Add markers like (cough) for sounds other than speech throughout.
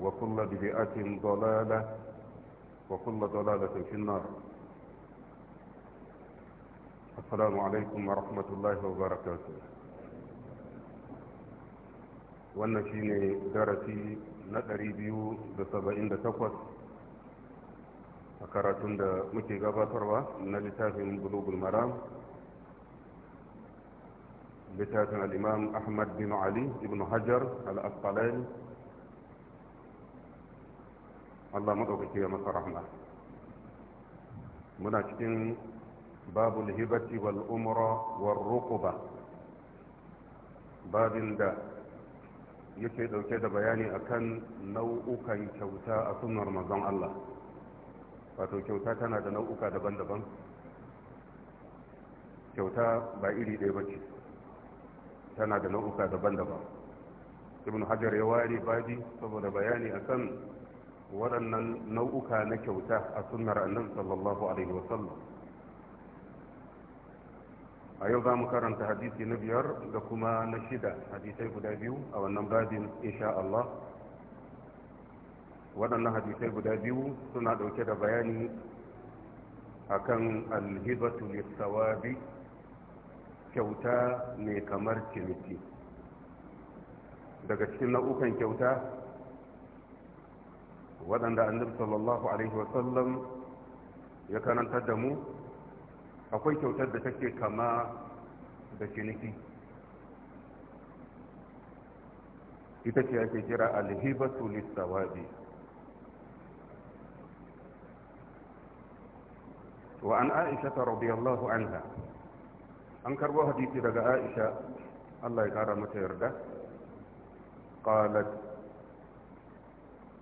وكل بدعة ضلالة وكل ضلالة في النار السلام عليكم ورحمة الله وبركاته wannan shine darasi na 278 a karatun da muke gabatarwa na littafin bulugul maram littafin al'imam ahmad bin ali ibn hajar al'asqalani Allah madaukake ya masa rahma muna cikin babul hibati wal umra war rukuba babin da yake dauke da bayani akan nau'ukan kyauta a sunnar manzon Allah wato kyauta tana da nau'uka daban-daban kyauta ba iri ɗaya ba ce tana da nau'uka daban-daban ibn hajar ya ware babi saboda bayani akan waɗannan nau'uka na kyauta a sunnar annabi sallallahu alaihi wasallam a yau za mu karanta hadisi na biyar da kuma na shida hadisai guda biyu a wannan babin insha Allah waɗannan hadisai guda biyu suna ɗauke da bayani akan alhibatu lissawabi kyauta ne kamar ciniki daga cikin nau'ukan kyauta waɗanda annabi sallallahu alaihi wasallam ya karantar da mu akwai kyautar da take kama da ciniki ita ce ake kira alhibatu lissawabi wa an aisha ta radiyallahu anha an karbo hadisi daga aisha Allah ya kara mata yarda qalat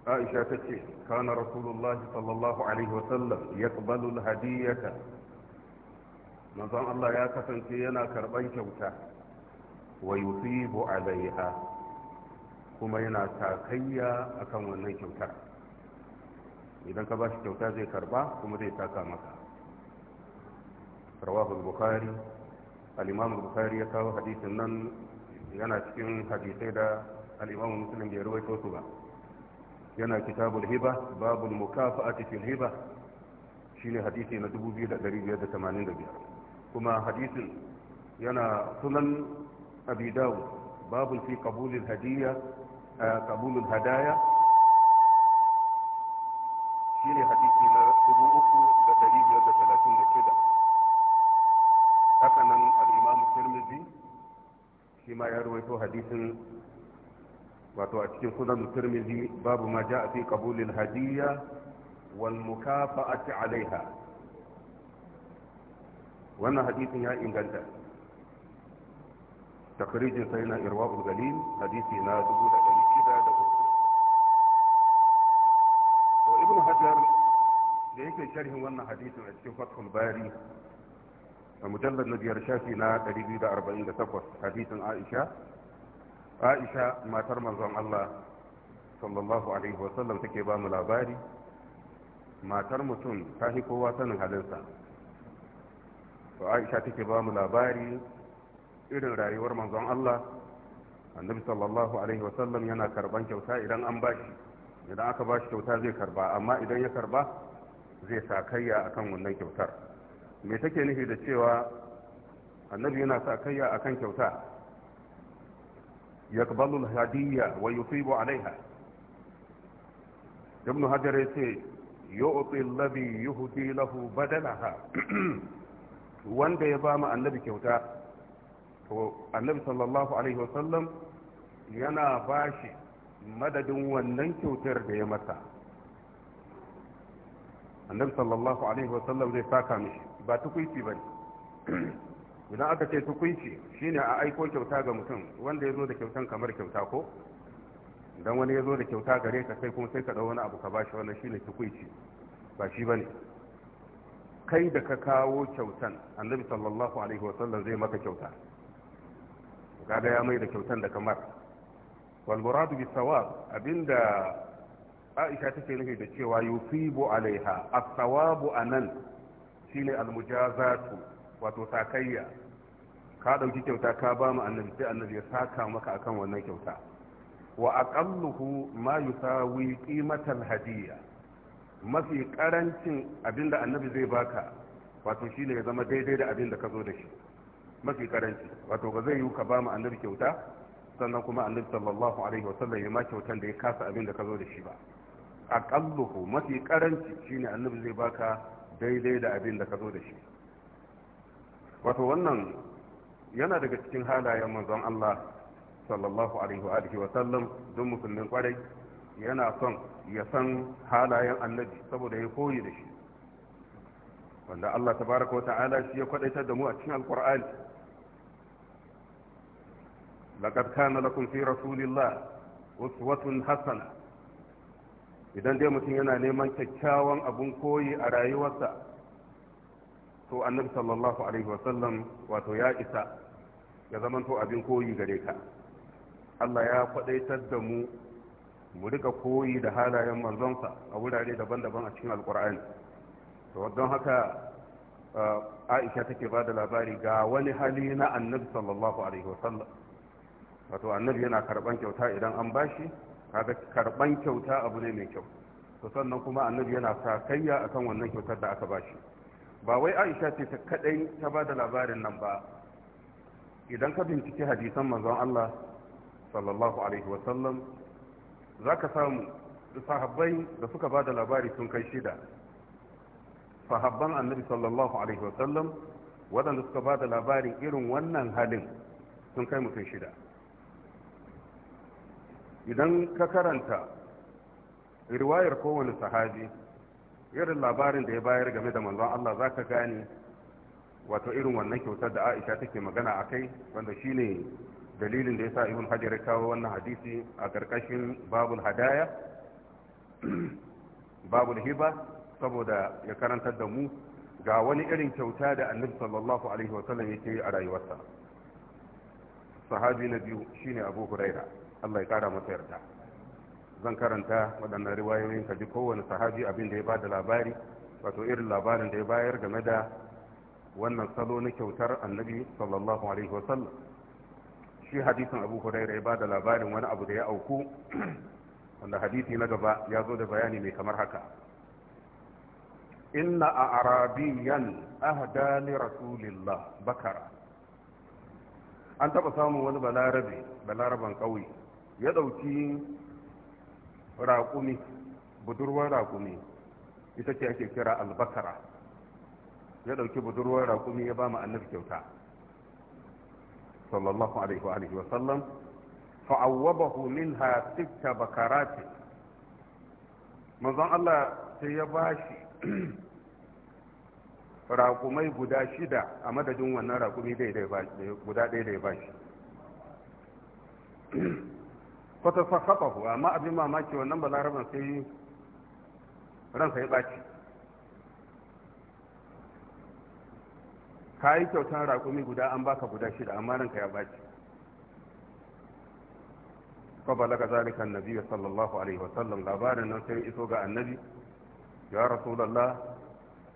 aisha ta ce kana rasulullah sallallahu alaihi wasallam ya kubalu hadiyyata manzon Allah ya kasance yana karban kyauta wa yusibu alaiha kuma yana takayya akan wannan kyautar idan ka ba shi kyauta zai karba kuma zai taka maka rawahu bukhari al bukhari ya kawo hadisin nan yana cikin hadisai da al-imam muslim bai rawaito su ba yana kitabul hiba babul mukafa'ati fil hiba shine hadisi na 2585 kuma hadisin yana sunan abi dawud babul fi qabulil hadiya qabulul hadaya shine hadisi na 3536 haka nan al-imam tirmidhi shi ma ya rawaito hadisin wato a cikin sunan turmizi babu ma ja a fi kabulin hadiyya wal mukafa'ati alaiha wannan hadisin ya inganta takrijin sai na irwaul galil hadisi na dubu da ɗari shida da uku to ibn hajar da yake sharhin wannan hadisin a cikin fathul bari a mujallar na biyar shafi na 248 hadisin aisha aisha matar manzon Allah sallallahu alaihi wasallam take ba mu labari matar mutum ta fi kowa sanin halinsa to aisha take ba mu labari irin rayuwar manzon Allah annabi sallallahu alaihi wasallam yana karban kyauta idan an bashi idan aka bashi kyauta zai karba amma idan ya karba zai sakayya akan wannan kyautar me take nufi da cewa annabi yana sakayya akan kyauta يقبل الهدية ويصيب عليها ابن حجر يقول يعطي الذي يهدي له بدلها wanda ya ba mu annabi kyauta to annabi sallallahu alaihi yana bashi madadin wannan kyautar da ya masa annabi sallallahu alaihi zai saka mishi ba tukwici ba ne idan aka ce tukunci shine a aiko kyauta ga mutum wanda ya zo da kyautan kamar kyauta ko idan wani ya zo da kyauta gare ka sai kuma sai ka ɗau wani abu ka bashi wannan shine tukunci ba shi bane kai da ka kawo kyautan annabi sallallahu alaihi wasallam zai maka kyauta kaga ya mai da kyautan da kamar wal muradu bis sawab abinda Aisha take nufi da cewa yufibu alaiha as-sawabu anan shine al-mujazatu wato takayya ka dauki kyauta ka ba mu annabi sai annabi ya saka maka akan wannan kyauta wa aqalluhu ma yusawi qimatal hadiyya mafi karancin abinda annabi zai baka wato shine ya zama daidai da abinda ka zo da shi mafi karanci wato ba zai yi ka ba mu annabi kyauta sannan kuma annabi sallallahu alaihi wasallam ya ma kyautan da ya kasa abinda ka zo da shi ba aqalluhu mafi karanci shine annabi zai baka daidai da abinda ka zo da shi wato wannan yana daga cikin halayen manzon Allah sallallahu alaihi wa alihi wa sallam don musulmin kwarai yana son ya san halayen annabi saboda ya koyi da shi wanda Allah tabaraka wa ta'ala shi ya kwadaitar da mu a cikin alqur'ani laqad kana lakum fi rasulillah uswatun hasana idan dai mutum yana neman kyakkyawan abun koyi a rayuwarsa to annabi sallallahu alaihi wasallam wato ya isa ya zamanto abin koyi gare ka Allah ya kwadaitar da mu mu rika koyi da halayen manzonsa a wurare daban-daban a cikin alkur'ani to don haka aisha take ba da labari ga wani hali na annabi sallallahu alaihi wasallam wato annabi yana karban kyauta idan an bashi kaga karban kyauta abu ne mai kyau to sannan kuma annabi yana sa kayya akan wannan kyautar da aka bashi ba wai aisha ce ta kadai ta ba da labarin nan ba idan ka binciki hadisan manzon Allah sallallahu alaihi wasallam za ka samu sahabbai da suka ba da labari sun kai shida sahabban annabi sallallahu alaihi wasallam waɗanda suka ba da labarin irin wannan halin sun kai mutum shida idan ka karanta riwayar kowane sahabi irin labarin da ya bayar game da manzon Allah za ka gane wato irin wannan kyautar da aisha take magana a kai wanda shine dalilin da ya sa ibn hajar kawo wannan hadisi a ƙarƙashin babul hadaya (clears throat) babul hiba saboda ya karantar da mu ga wani irin kyauta da annabi sallallahu alaihi wasallam yake a rayuwarsa sahabi na biyu shine abu huraira allah ya kara masa yarda zan karanta waɗannan riwayoyin ka ji kowane sahabi abin da ya ba da labari wato irin labarin da ya bayar game da wannan salo na kyautar annabi sallallahu alaihi wasallam shi hadisin abu huraira ya ba da labarin wani abu da ya auku (clears throat) wanda hadisi na gaba ya zo da bayani mai kamar haka inna a arabiyan ahda li rasulillah bakara an taɓa samun wani balarabe balaraban ƙauye ya ɗauki raƙumi budurwar raƙumi ita ce ake kira albakara ya ɗauki budurwar raƙumi ya ba mu annabi kyauta sallallahu alaihi wa wa sallam fa'awwabahu minha sitta bakarati manzon Allah sai ya ba shi (clears throat) raƙumai guda shida a madadin wannan raƙumi guda ɗaya da ya bashi (clears throat) kwata sakafahu amma abin mamaki wannan balaraban sai ransa ya ɓaci ka yi kyautan raƙumi guda an baka guda shida amma ranka ya ɓaci laga ذلك nabi ya sallallahu alaihi wasallam labarin nan sai iso ga annabi ya rasulullah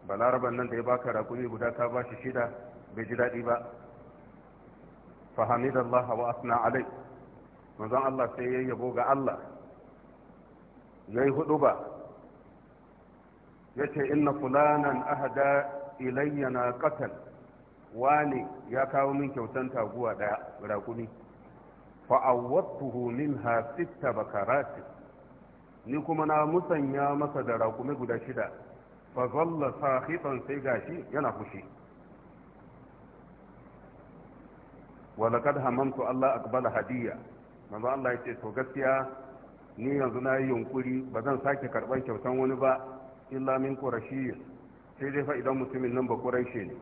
balaraban nan da ya baka rakumi guda ka bashi shida bai ji daɗi ba fahamidallah wa asna alai manzon Allah sai ya yabo ga Allah ya yi hudu ba ya ce inna fulanan ahada ilayya na katal wani ya kawo min kyautan taguwa daya raƙumi fa'awwattuhu minha sitta bakarati ni kuma na musanya masa da raƙumi guda shida fa zalla sahiban sai gashi yana fushi laqad hamamtu Allah أقبل hadiyya. manzo Allah ya ce to gaskiya ni yanzu na yi yunkuri ba zan sake karban kyautan wani ba illa min qurashiyyin sai dai fa idan mutumin nan ba quraishi ne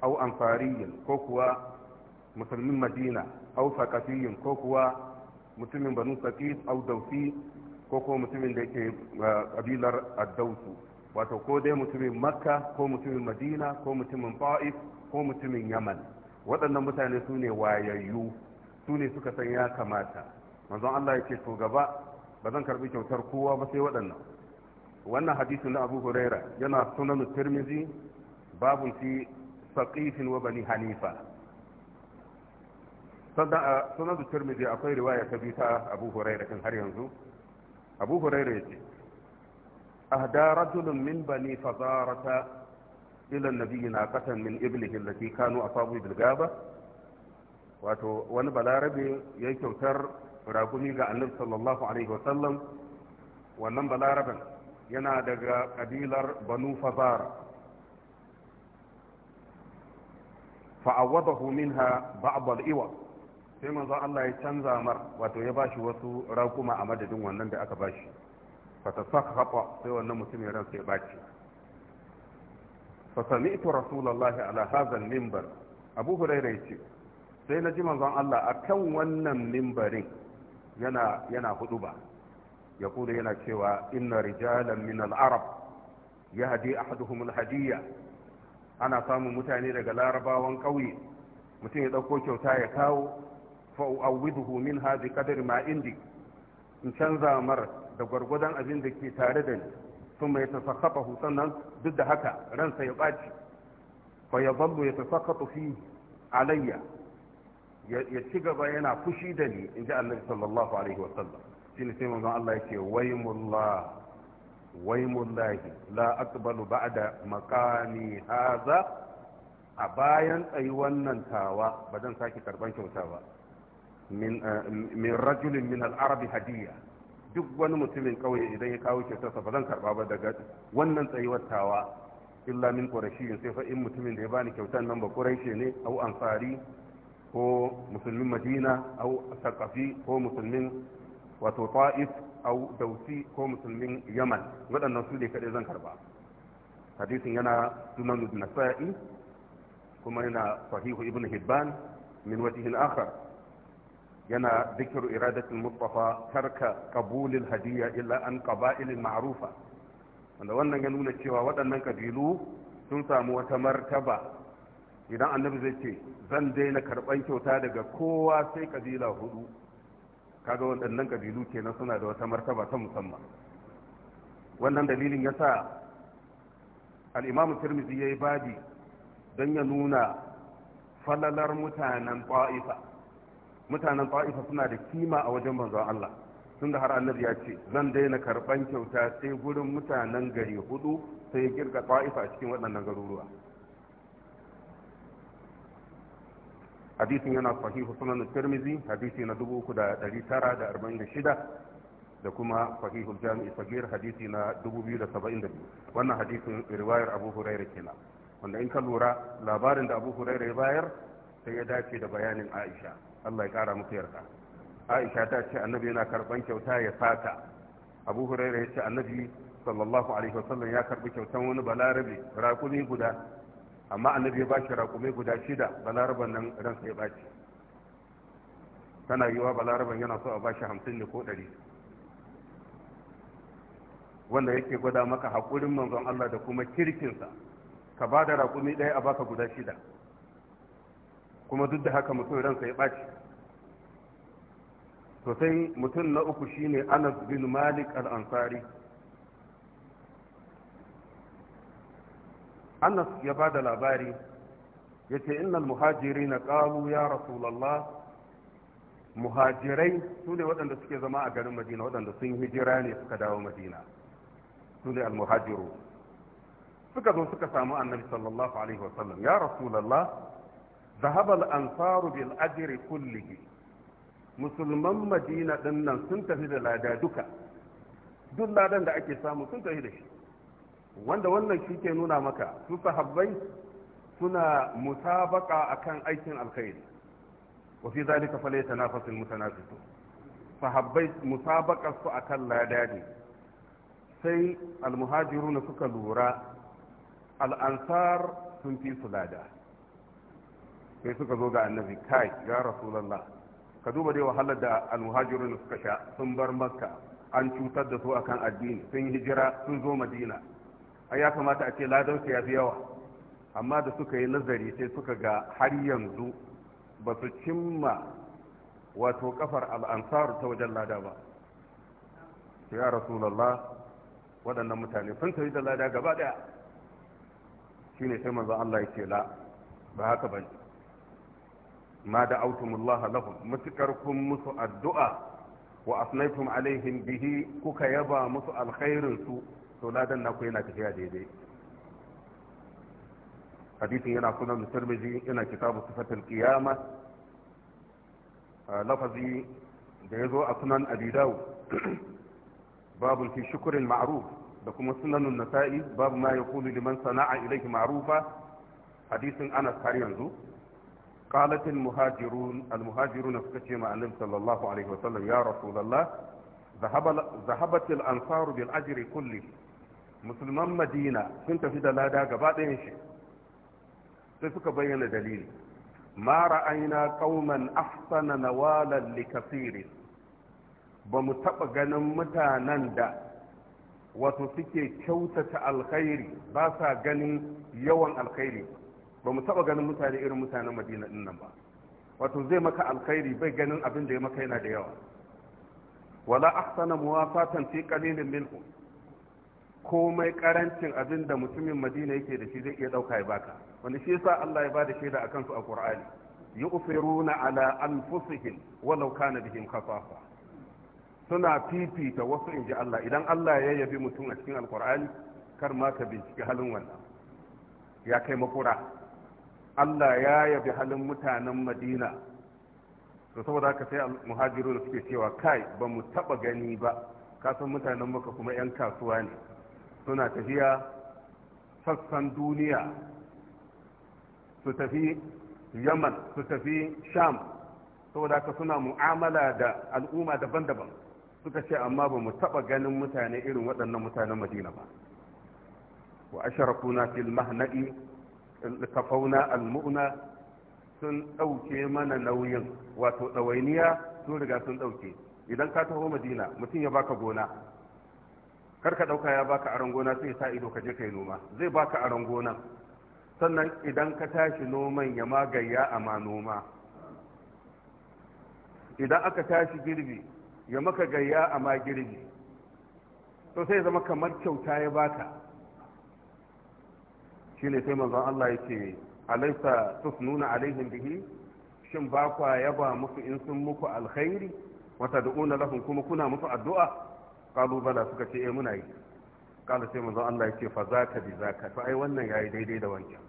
au ansariyyin ko kuwa musulmin madina au saqafiyyin ko kuwa mutumin banu saqif au dawsi ko kuwa mutumin da yake kabilar ah, addausu wato ko dai mutumin makka ko mutumin madina ko mutumin fa'if ko mutumin yaman waɗannan mutane su ne wayayyu su ne suka san ya kamata manzon Allah yake to gaba ba zan karbi kyautar kowa ba sai waɗannan wannan hadisin na Abu Huraira yana sunan Tirmidhi babun fi saqifin wa bani Hanifa sada sunan Tirmidhi akwai riwaya ta bita Abu Huraira kan har yanzu Abu Huraira yace ahda rajulun min bani fadarata ila nabiyina qatan min iblihi allati kanu asabu bil gaba wato wani balarabe ya kyautar ragumi ga annabi sallallahu alaihi wasallam wannan balaraben yana daga kabilar banu fazar fa'awadahu minha ba'd al-iwa sai manzo Allah ya canza mar wato ya bashi wasu raguma a madadin wannan da aka bashi fatasakhafa sai wannan mutumin ran sai baci fa sami'tu rasulullahi ala hadha al-minbar abu hurairah yace sai na ji manzon Allah a kan wannan mimbarin yana yana hudu ba ya kuda yana cewa inna rijalan min al-arab yahdi ahaduhum al-hadiyya ana samun mutane daga larabawan ƙauye mutum ya ɗauko kyauta ya kawo fa'u'awwiduhu min hadhi qadar ma indi in canza mar da gwargwadon abin da ke tare da ni sun mai tasakkafa sannan duk da haka ransa ya ɓaci fa ya zallu ya tasakkatu fi alayya ya ci gaba yana fushi da ni in ji annabi sallallahu alaihi wa sallam shine sai manzon Allah yake waymullah waymullahi la aqbalu ba'da maqami hadha a bayan tsayi wannan tawa ba zan sake karban kyauta ba eh, min rajulin min al'arabi hadiya duk wani mutumin kauye idan ya kawo kyautarsa ba zan karba ba daga wannan tsayuwar tawa illa min qurashiyin sai fa in mutumin da ya bani kyautar nan ba quraishi ne au ansari ko musulmin madina au sakafi ko musulmin wato ta'if au dausi ko musulmin yaman waɗannan su ne kaɗai zan karba hadisin yana sunan nasa'i kuma yana sahihu ibn hibban min wajihin akhar yana zikiru iradatul mustafa tarka qabulil hadiyya illa an ƙaba'ilin ma'rufa wanda wannan ya nuna cewa waɗannan kabilu sun samu wata martaba idan annabi zai ce zan daina karban kyauta daga kowa sai kabila hudu kaga waɗannan kabilu kenan suna da wata martaba ta musamman wannan dalilin ya sa al turmizi ya yi badi don ya nuna falalar mutanen ƙwa'ifa mutanen ƙwa'ifa suna da kima a wajen manzon Allah tun da har annabi ya ce zan daina karban kyauta sai gurin mutanen gari hudu sai ya girka ƙwa'ifa a cikin waɗannan garuruwa hadisin yana sahihu sunan tirmizi hadisi na 3946 da kuma sahihu jami'i sagir hadisi na 2072 wannan hadisin riwayar abu hurairu kenan wanda in ka lura labarin da abu hurairu ya bayar sai ya dace da bayanin aisha allah ya kara muku yarda aisha ta ce annabi yana karban kyauta ya sata abu hurairu ya ce annabi sallallahu alaihi wasallam ya karbi kyautan wani balarabe rakumi guda amma annabi ya bashi raƙumai guda shida balaraban nan ransa ya bashi tana yiwa balaraban yana so a bashi hamsin ne ko ɗari wanda yake gwada maka haƙurin manzon Allah da kuma kirkinsa ka ba da raƙumi ɗaya a baka guda shida kuma duk da haka mutum ransa ya ɓaci to mutum na uku shine anas bin malik al-ansari anas ya ba da labari ya ce innal muhajiri na ƙalu ya rasulallah muhajirai su ne waɗanda suke zama a garin madina waɗanda sun hijira ne suka dawo madina su ne almuhajiru suka zo suka samu annabi sallallahu alaihi wasallam ya rasulallah zahabal ansaru bil ajri kullihi musulman madina ɗin sun tafi da lada duka duk ladan da ake samu sun tafi da shi wanda wannan shi ke nuna maka su sahabbai suna musabaka akan aikin alkhairi wa fi zalika falyatanafasu almutanafisun sahabbai musabakar su akan ladadi sai almuhajiruna suka lura al'ansar sun fi su lada sai suka zo ga annabi kai ya rasulullah ka duba dai wahalar da almuhajiruna suka sha sun bar makka an cutar da su akan addini sun hijira sun zo madina A ya kamata a ce ladansu ya fi yawa amma da suka yi nazari sai suka ga har yanzu ba su cimma wato kafar al'ansar ta wajen lada ba ya rasulallah waɗannan mutane sun tafi da lada gaba ɗaya shi ne sai manzon Allah ya ce la ba haka ba ma da autumullah lahum matukar kun musu addu'a wa asnaitum alaihim bihi kuka yaba musu alkhairin su to ladan naku yana tafiya daidai hadisin yana sunan tirmidhi yana kitabu sifatul qiyama ah, lafazi da yazo a sunan abi dawud (clears throat) babun fi shukril ma'ruf da kuma sunanun nasa'i babu ma yaqulu liman sana'a ilayhi ma'rufa hadisin anas har yanzu قالت المهاجرون المهاجرون استجمع النبي صلى الله عليه وسلم يا رسول الله ذهب ذهبت الانصار بالاجر كله musulman madina sun tafi da lada gaba ɗayan shi sai suka bayyana dalili ma ra'ayna kauman na nawalan likasiri ba mu taɓa ganin mutanen da wato suke kyautata alkhairi ba sa ganin yawan alkhairi ba mu taɓa ganin mutane irin mutanen madina ɗin nan ba wato zai maka alkhairi bai ganin abin da ya maka yana da yawa wala ahsana muwafatan fi qalilin minhum komai karancin abin da mutumin madina yake da shi zai iya dauka ya baka wanda shi yasa Allah ya bada shaida akan su a Qur'ani yu'firuna ala anfusihim walau kana bihim khasasa suna fifita wasu ji Allah idan Allah ya yabi mutum a cikin alkur'ani kar ma ka binciki halin wannan ya kai makura Allah ya yabi halin mutanen Madina to saboda haka sai muhajiru da suke cewa kai ba mu taba gani ba kasan mutanen maka kuma 'yan kasuwa ne suna tafiya sassan duniya su tafi yaman su tafi sham saboda haka suna mu'amala da al'umma daban-daban suka ce amma ba mu taɓa ganin mutane irin waɗannan mutanen madina ba wa asharakuna fil mahnadi kafauna almu'na sun ɗauke mana nauyin wato ɗawainiya sun riga sun ɗauke idan ka taho madina mutum ya baka gona kar ka ɗauka ya baka aron gona sai sa ido ka je kai noma zai baka aron gona sannan idan ka tashi noman ya magaya a ma noma idan aka tashi girbi ya maka gayya a ma girbi to sai zama kamar kyauta ya baka shine sai manzon Allah ya ce alaisa tusnuna alaihim bihi shin ba kwa yaba musu in sun muku alkhairi wata da'una lahum kuma kuna musu addu'a kalu bala suka ce eh muna yi kala sai manzo Allah yake ce fa zaka bi zaka to ai wannan yayi daidai da wancan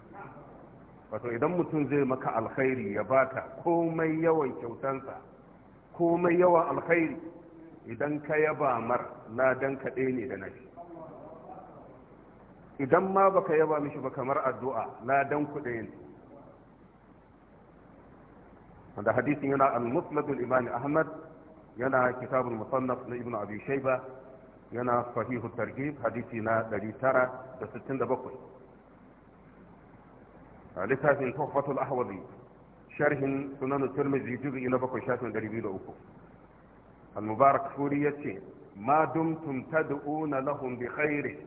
wato idan mutum zai maka alkhairi ya baka komai yawan kyautansa komai yawan alkhairi idan ka yaba mar dan ka ne da nashi idan ma baka yaba mishi ba kamar addu'a na dan ɗaya ne wanda hadisin yana al-musnad al-imam ahmad yana kitabul musannaf na ibnu abi shayba yana sahihu targhib hadisi na 967 littafin tuhfatul ahwazi sharhin sunan tirmidhi juz'i na 7 shafin 203 al-mubarak furi yace ma dumtum tad'una lahum bi khairi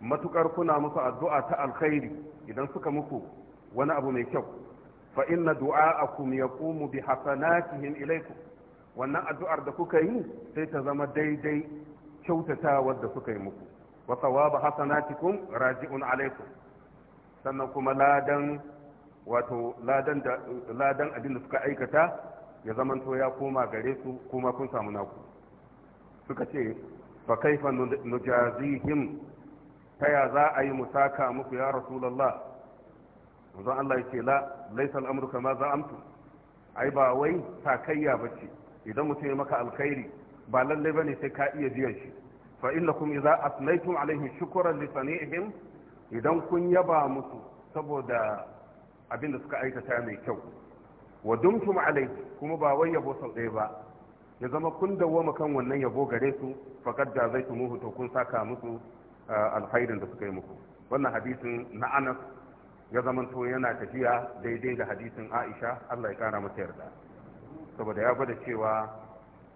matukar kuna musu addu'a ta alkhairi idan suka muku wani abu mai kyau fa inna du'a'akum yaqumu bi hasanatihim ilaykum wannan addu'ar da kuka yi sai ta zama daidai kyautatawar da kuka yi muku wa thawaba hasanatikum raji'un alaikum sannan kuma ladan wato ladan da ladan abin da suka aikata ya zamanto ya koma gare su kuma kun samu naku suka ce fa kaifa nujazihim ta ya za a yi musaka muku ya rasulullah manzon Allah yake la laysa al-amru kama amtu ai ba wai takayya bace idan mutum ya maka alkhairi ba lallai bane sai ka iya biyan shi fa innakum idza asnaytum alaihi shukran li sani'ihim idan kun yaba musu saboda abin da suka aikata mai kyau wa dumtum alaihi kuma ba wai yabo sau ɗaya ba ya zama kun dawwama kan wannan yabo gare su faqad da zai tumuhu to kun saka musu alkhairin da suka yi muku wannan hadisin na Anas ya zama to yana tafiya daidai da hadisin Aisha Allah ya kara mata yarda saboda ya gwada cewa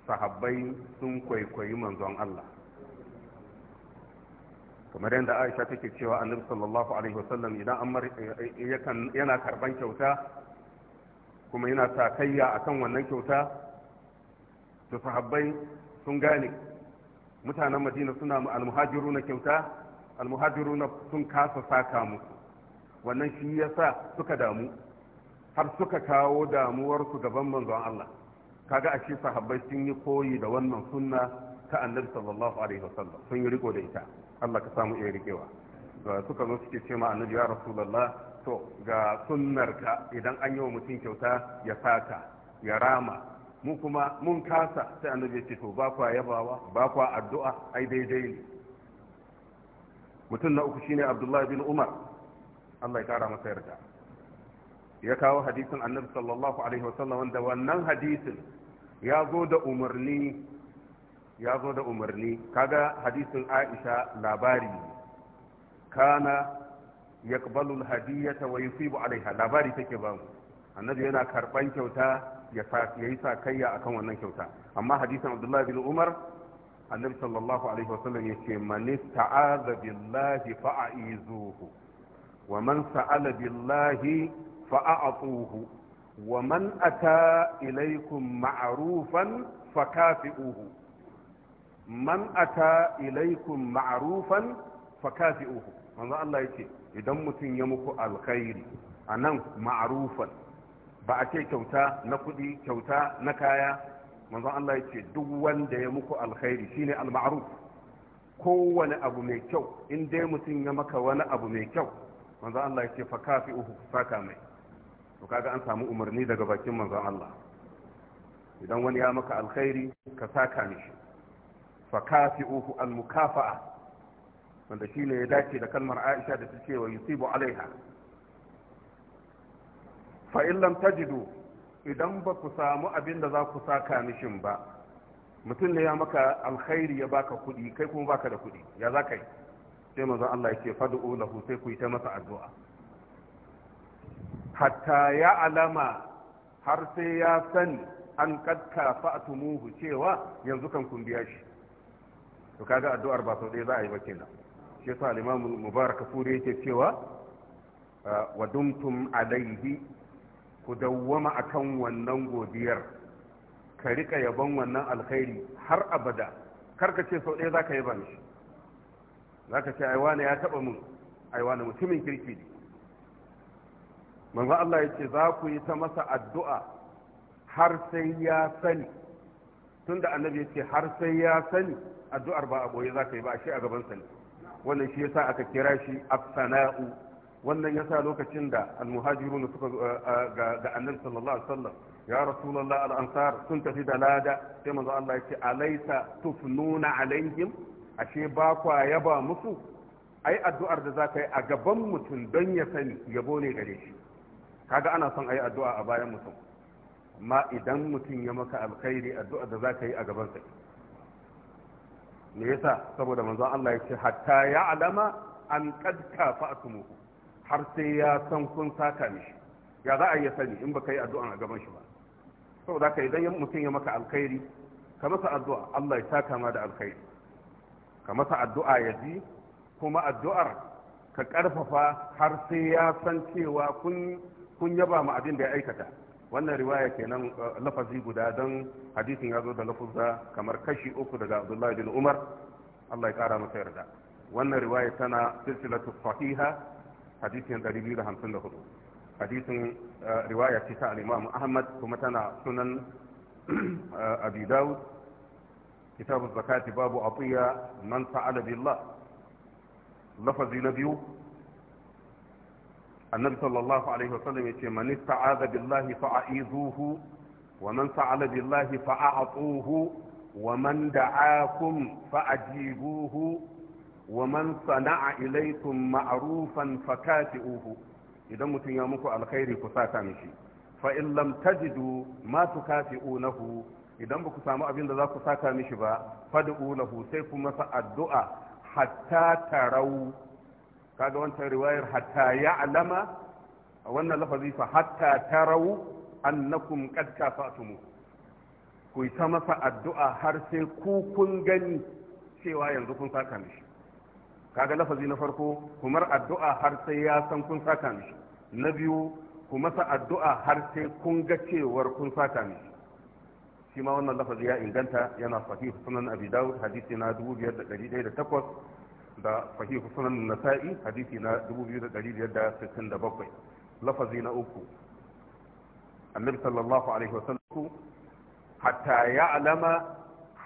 sahabbai sun kwaikwayi manzon Allah kamar yadda Aisha take cewa Annabi sallallahu alaihi wasallam idan amar eh, yana karban kyauta kuma yana takayya akan wannan kyauta to sahabbai sun gane mutanen Madina suna na kyauta almuhajiruna sun kasa saka mu wannan shi yasa suka damu har suka kawo damuwarsu gaban manzon Allah kaga a cikin sahabbai sun yi koyi da wannan sunna ta annabi sallallahu alaihi wasallam sun yi riko da ita Allah ka samu iya rikewa suka zo suke ce ma annabi ya rasulullah to ga ka idan an yi wa mutum kyauta ya saka ya rama mu kuma mun kasa sai annabi ya ce to ba kwa yabawa ba kwa addu'a ai daidai ne mutum na uku shine abdullahi bin umar Allah ya kara masa yarda ya kawo hadisin annabi sallallahu alaihi wasallam wanda wannan hadisin ya zo da umarni ya zo da umarni kaga hadisin aisha labari kana yaqbalu alhadiyata wa yusibu alaiha labari take ba mu annabi yana karban kyauta ya yi sakayya akan wannan kyauta amma hadisin abdullahi bin umar annabi sallallahu alaihi wasallam yace man ista'aza billahi fa'izuhu wa man sa'ala billahi fa'a'atuhu wa man ata ilaikum ma'rufan fakafi'uhu man ata ilaikum ma'rufan fakafi'uhu manzo Allah yace idan mutum ya muku alkhairi anan ma'rufan ba a ce kyauta na kuɗi kyauta na kaya manzo Allah yace duk wanda ya muku alkhairi shine al-ma'ruf kowane abu mai kyau in dai mutum ya maka wani abu mai kyau manzo Allah yace fakafi'uhu saka mai to kaga an samu umarni daga bakin manzon Allah idan wani ya maka alkhairi ka saka mishi fa kafi'uhu almukafa'a wanda shine ya dace da kalmar Aisha da take wa yusibu alaiha fa in lam tajidu idan ba ku samu abin da za ku saka mishin ba mutum ne ya maka alkhairi ya baka kuɗi kai kuma baka da kuɗi ya za ka yi sai manzon Allah ya ce fad'u lahu sai ku yi ta masa addu'a hatta ya alama har sai ya sani an kadka fa'atumuhu cewa yanzu kan kun biya shi to kaga addu'ar ba sau ɗaya za a yi ba kenan shi yasa al-imam mubarak furi yake cewa ah, wa dumtum alaihi ku dawwama akan wannan godiyar ka rika yabon wannan alkhairi har abada kar ka ce sau ɗaya za ka yaba mishi za ka ce aiwa ya taɓa mun aiwa mutumin kirki ne manzo Allah ya ce za ku yi ta masa addu'a har sai ya sani da annabi ya ce har sai ya sani addu'ar ba a ɓoye za ka yi ba a shi a gaban sani wannan shi yasa aka kira shi absana'u wannan yasa lokacin da almuhajirun suka eh, eh, ga annabi sallallahu alaihi wasallam ya rasulullah al sun tafi da lada sai manzo Allah ya ce alaita tufnuna alaihim ashe ba kwa yaba musu ai addu'ar da za ka yi a gaban mutum don ya sani yabo ne gare shi kaga ana son ayi addu'a a bayan mutum amma idan mutum ya maka alkhairi addu'a da zaka yi a gaban sa me yasa saboda manzon Allah yake hatta ya alama an qad kafa'tumuhu har sai ya san kun saka mishi ya za a yi sani in baka yi addu'a a gaban shi ba saboda haka idan mutum ya maka alkhairi ka masa addu'a Allah ya saka ma da alkhairi ka masa addu'a ya ji kuma addu'ar ka karfafa har sai ya san cewa kun kun yaba ma abin da ya aikata wannan riwaya kenan eh, lafazi guda don hadisin ya zo da lafuzza kamar kashi uku daga abdullahi bin umar allah ya kara masa yarda wannan riwaya tana silsilatu sahiha hadisin 254 hadisin eh, riwaya ce ta al-imam ahmad kuma tana sunan (clears throat) eh, abi daud zakati babu atiya man sa'ala billah lafazi na biyu annabi sallallahu alaihi wasallam yace man ista'aza billahi fa'idhuhu wa man fa'ala billahi fa'atuhu wa man da'akum fa'ajibuhu wa man sana'a ilaykum ma'rufan fakati'uhu idan mutum ya muku alkhairi ku saka mishi fa in lam tajidu ma tukafi'unahu idan ba ku samu abin da za ku saka mishi ba fad'u lahu sai ku masa addu'a hatta tarau kaga wancan riwayar hatta ya alama a wannan lafazi fa hatta ta tarau annakum qad kafatumu ku yi ta masa addu'a har sai ku kun gani cewa yanzu kun saka mishi kaga lafazi na farko kumar addu'a har sai ya san kun saka mishi na biyu ku masa addu'a har sai kun ga cewar kun saka mishi shi ma wannan lafazi ya inganta yana sahihu sunan abi dawud hadisi na 2108 da sahihu sunan nasa'i hadisi na 2567 lafazi na uku annabi sallallahu alaihi wasallam hatta ya'lama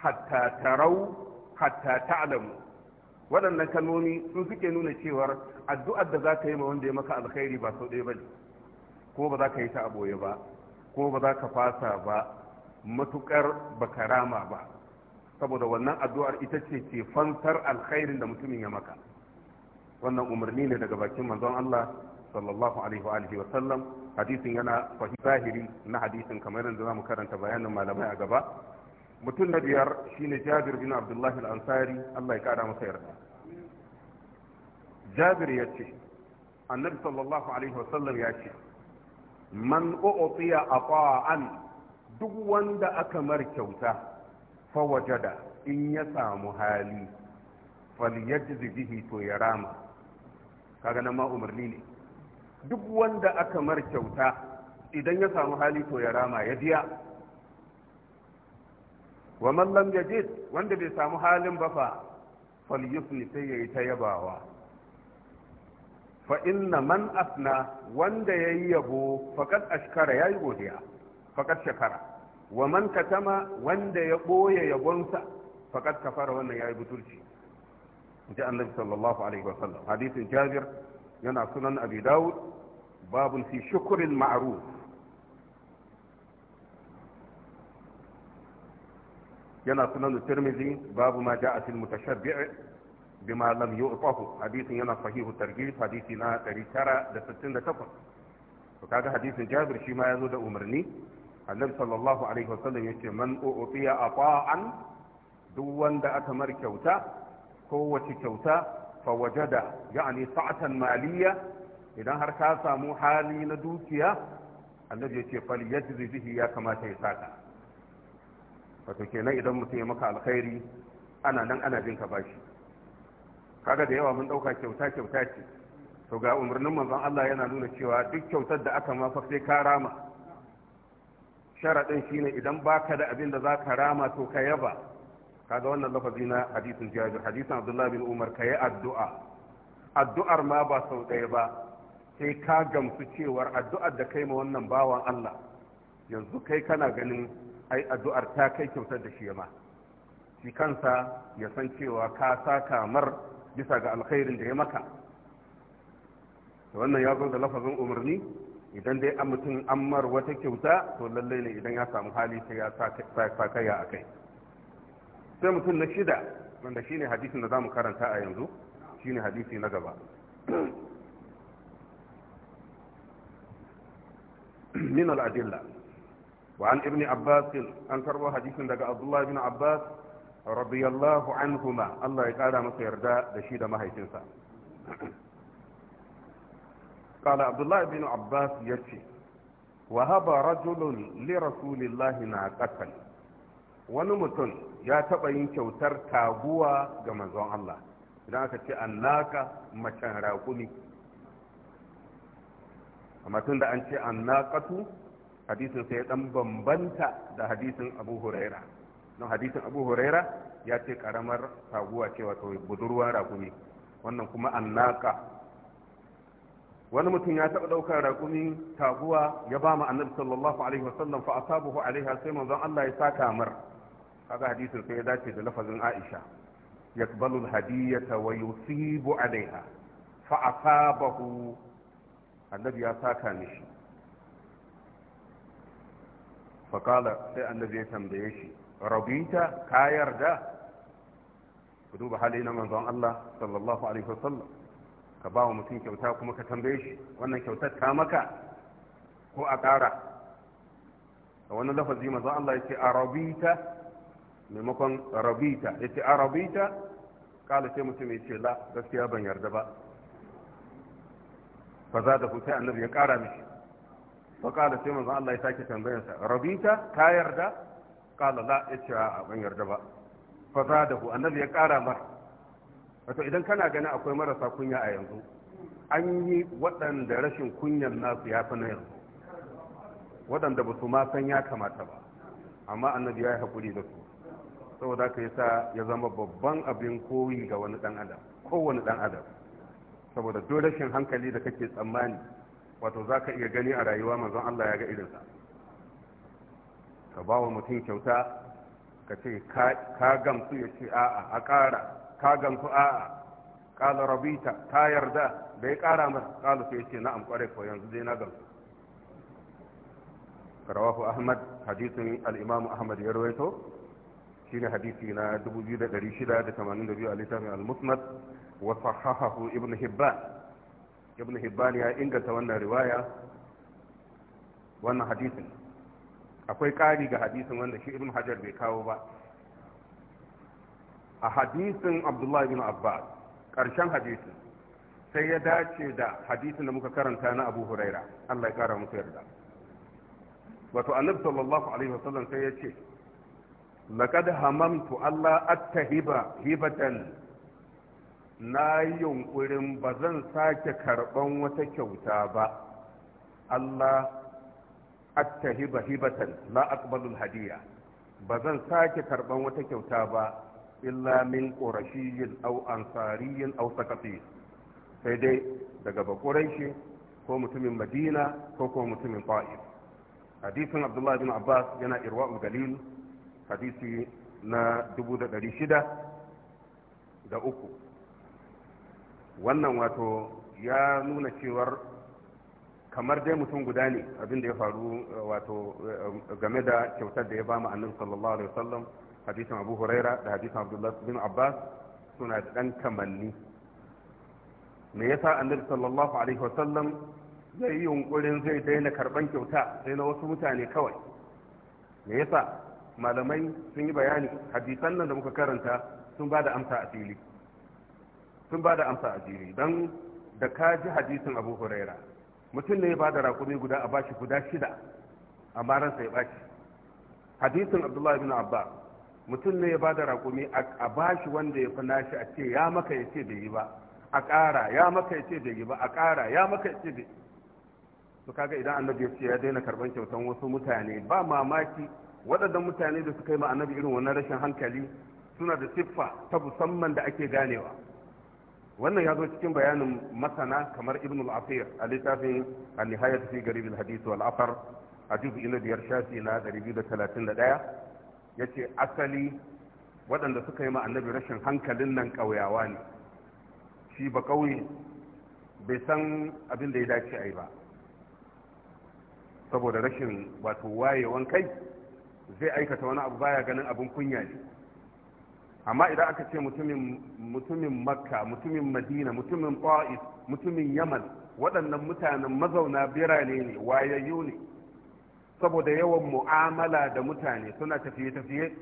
hatta tarau hatta ta'lamu waɗannan kalmomi sun suke nuna cewar addu'ar da za ka yi ma wanda ya maka alkhairi ba sau ɗaya ba ne ko ba za ka yi ta a ba ko ba za ka fasa ba matukar bakarama ba saboda wannan addu'ar ita ce ce fansar alkhairin da mutumin ya maka wannan umarni ne daga bakin manzon Allah sallallahu alaihi wa alihi wa sallam hadisin yana zahiri na hadisin kamar yadda zamu karanta bayanin malamai a gaba mutum na biyar shine Jabir bin Abdullah al-Ansari Allah ya kara masa yarda Jabir ya ce annabi sallallahu alaihi wa sallam ya ce man u'tiya ata'an duk wanda aka mar kyauta fawajada in ya samu hali falyajzi bihi to ya rama kaga nan ma umarni ne duk wanda aka mar kyauta idan ya samu hali to ya rama ya biya wa man lam yajid wanda bai samu halin ba fa falyusni sai yayi ta yabawa fa inna man asna wanda yayi yabo faqad ashkara yayi godiya fakat shakara ومن كتم وند يبوي يبونسا فقد كفر وانا يا بطلشي جاء النبي صلى الله عليه وسلم حديث جابر ينا سنن ابي داود باب في شكر المعروف ينا سنن الترمذي باب ما جاء في المتشبع بما لم يؤطه حديث ينا صحيح الترجيل حديثنا ترى ترى ده 68 حديث جابر شيما يزود امرني annabi sallallahu alaihi wasallam yace man u'tiya ata'an duk wanda aka mar kyauta kowace kyauta fa wajada yani sa'atan maliya idan har ka samu hali na dukiya annabi yace fal yajri bihi ya kamata ya saka wato kenan idan mutum ya maka alkhairi ana nan ana jin bashi kaga da yawa mun dauka kyauta kyauta ce to ga umarnin manzon Allah yana nuna cewa duk kyautar da aka ma sai ka rama sharaɗin shine idan baka da abin da za ka rama to ka yaba kaga wannan lafazi na hadisin jabir hadisin abdullahi bin umar ka yi addu'a addu'ar ma ba sau ɗaya ba sai ka gamsu cewar addu'ar da kai ma wannan bawan allah yanzu kai kana ganin ai addu'ar ta kai kyautar da shi ma shi kansa ya san cewa ka sa kamar bisa ga alkhairin da ya maka wannan ya zo da lafazin umarni idan dai an mutum ammar wata kyauta to lallai ne idan ya samu hali sai ya sa kaya a kai sai mutum na shida wanda shine hadisin da za mu karanta a yanzu shine hadisi na gaba (clears throat) min al'adilla wa an ibni abbas an karbo hadisin daga abdullahi bin abbas radiyallahu anhuma Allah ya kara masa yarda da shi da mahaifinsa (clears throat) قال عبد الله بن عباس يتي وهب رجل لرسول na ناقة wani mutum ya taɓa yin kyautar taguwa ga manzon Allah idan aka ce an naka macen raƙumi amma tun da an ce an naƙatu hadisin sai ɗan bambanta da hadisin abu huraira don hadisin abu huraira ya ce ƙaramar taguwa ce wato budurwar raƙumi wannan kuma an naƙa wani mutum ya taɓa ɗaukar raƙumi taguwa ya ba mu annabi sallallahu alaihi wa sallam fa asabahu alaiha sai manzon Allah ya saka mar kaga hadisin sai ya dace da lafazin Aisha yaqbalu alhadiyata wa yusibu alaiha fa asabahu annabi ya saka mishi fa kala sai annabi ya tambaye shi rabita ka yarda ku duba hali na manzon Allah sallallahu alaihi wa sallam. ka ba wa mutum kyauta kuma ka tambaye shi wannan kyautar ta maka ko a ƙara a wani lafazi mazan Allah ya ce a rabita maimakon rabita ya ce a rabita Kala sai mutum ya ce la gaskiya ban yarda ba fa za da hutai annabi ya ƙara mishi fa kala sai mazan Allah ya sake tambayarsa rabita ka yarda kala la ya ce a ban yarda ba fa za da hu annabi ya ƙara mara wato idan kana gani akwai marasa kunya a yanzu an yi waɗanda rashin kunyar nasu ya fi na yanzu waɗanda ba su ma san ya kamata ba amma annabi ya yi haƙuri da su saboda ka sa ya zama babban abin koyi ga wani ɗan adam kowane ɗan adam saboda duk rashin hankali da kake tsammani wato za ka iya gani a rayuwa manzon Allah ya ga irinsa ka ba wa mutum kyauta ka ce ka gamsu ya ce a'a a ƙara ka gamsu a'a kala rabita ta yarda da ya kara masa kala sai ce na'am kware ko yanzu dai na gamsu rawahu ahmad hadisin al-imam ahmad ya rawaito shine hadisi na 2682 a littafin al-musnad wa sahahahu ibn hibban ibn hibban ya inganta wannan riwaya wannan hadisin akwai ƙari ga hadisin wanda shi ibn hajar bai kawo ba a hadisin abdullahi bin abbas ƙarshen hadisin sai ya dace da hadisin da muka karanta na abu huraira allah ya kara musu yarda wato annabi sallallahu alaihi wasallam sai ya ce laqad hamamtu allah attahiba hibatan na yi yunkurin ba zan sake karban wata kyauta ba allah attahiba hibatan la Aqbalu hadiya ba zan sake karban wata kyauta ba illa min qurashiyyin aw ansariyyin aw sakafi sai dai daga bakuraishi ko mutumin madina ko ko mutumin fa'id hadisin abdullah bin abbas yana irwa'ul galil hadisi na 600 da uku wannan wato ya nuna cewar kamar dai mutum guda ne abin da ya faru wato game da kyautar da ya ba mu annabi sallallahu alaihi wasallam hadisin abu huraira da hadisin abdullah bin abbas suna dan kamanni me yasa annabi sallallahu alaihi wasallam zai yi yunkurin zai daina karban kyauta sai na wasu mutane kawai me yasa malamai sun yi bayani hadisan nan da muka karanta sun ba da amsa a fili sun ba da amsa a fili don da ka ji hadisin abu huraira mutum ne ya ba da raƙumi guda a bashi guda shida amma ransa ya bashi hadisin abdullahi bin abba mutum ne ya bada rakumi a bashi wanda ya fi nashi a ce ya maka ya ce bai yi ba a ƙara ya maka ya ce bai yi ba a ƙara ya maka ya ce bai su kaga idan annabi ya ce ya daina karban kyautan wasu mutane ba mamaki waɗannan mutane da suka yi ma annabi irin wannan rashin hankali suna da siffa ta musamman da ake ganewa wannan ya zo cikin bayanin masana kamar ibn al-afir a littafin an-nihayat fi garib al-hadith wal afar a juz'i na biyar shafi na 231 ya ce asali waɗanda suka yi ma annabi rashin hankalin nan ƙauyawa ne shi ba ƙauye bai san abin da ya dace a yi ba saboda rashin wato wayewan kai zai aikata wani abu baya ganin abin kunya ne amma idan aka ce mutumin makka mutumin madina mutumin ba'is mutumin yaman waɗannan mutanen mazauna birane ne wayayyu ne saboda yawan mu'amala da mutane suna tafiye-tafiye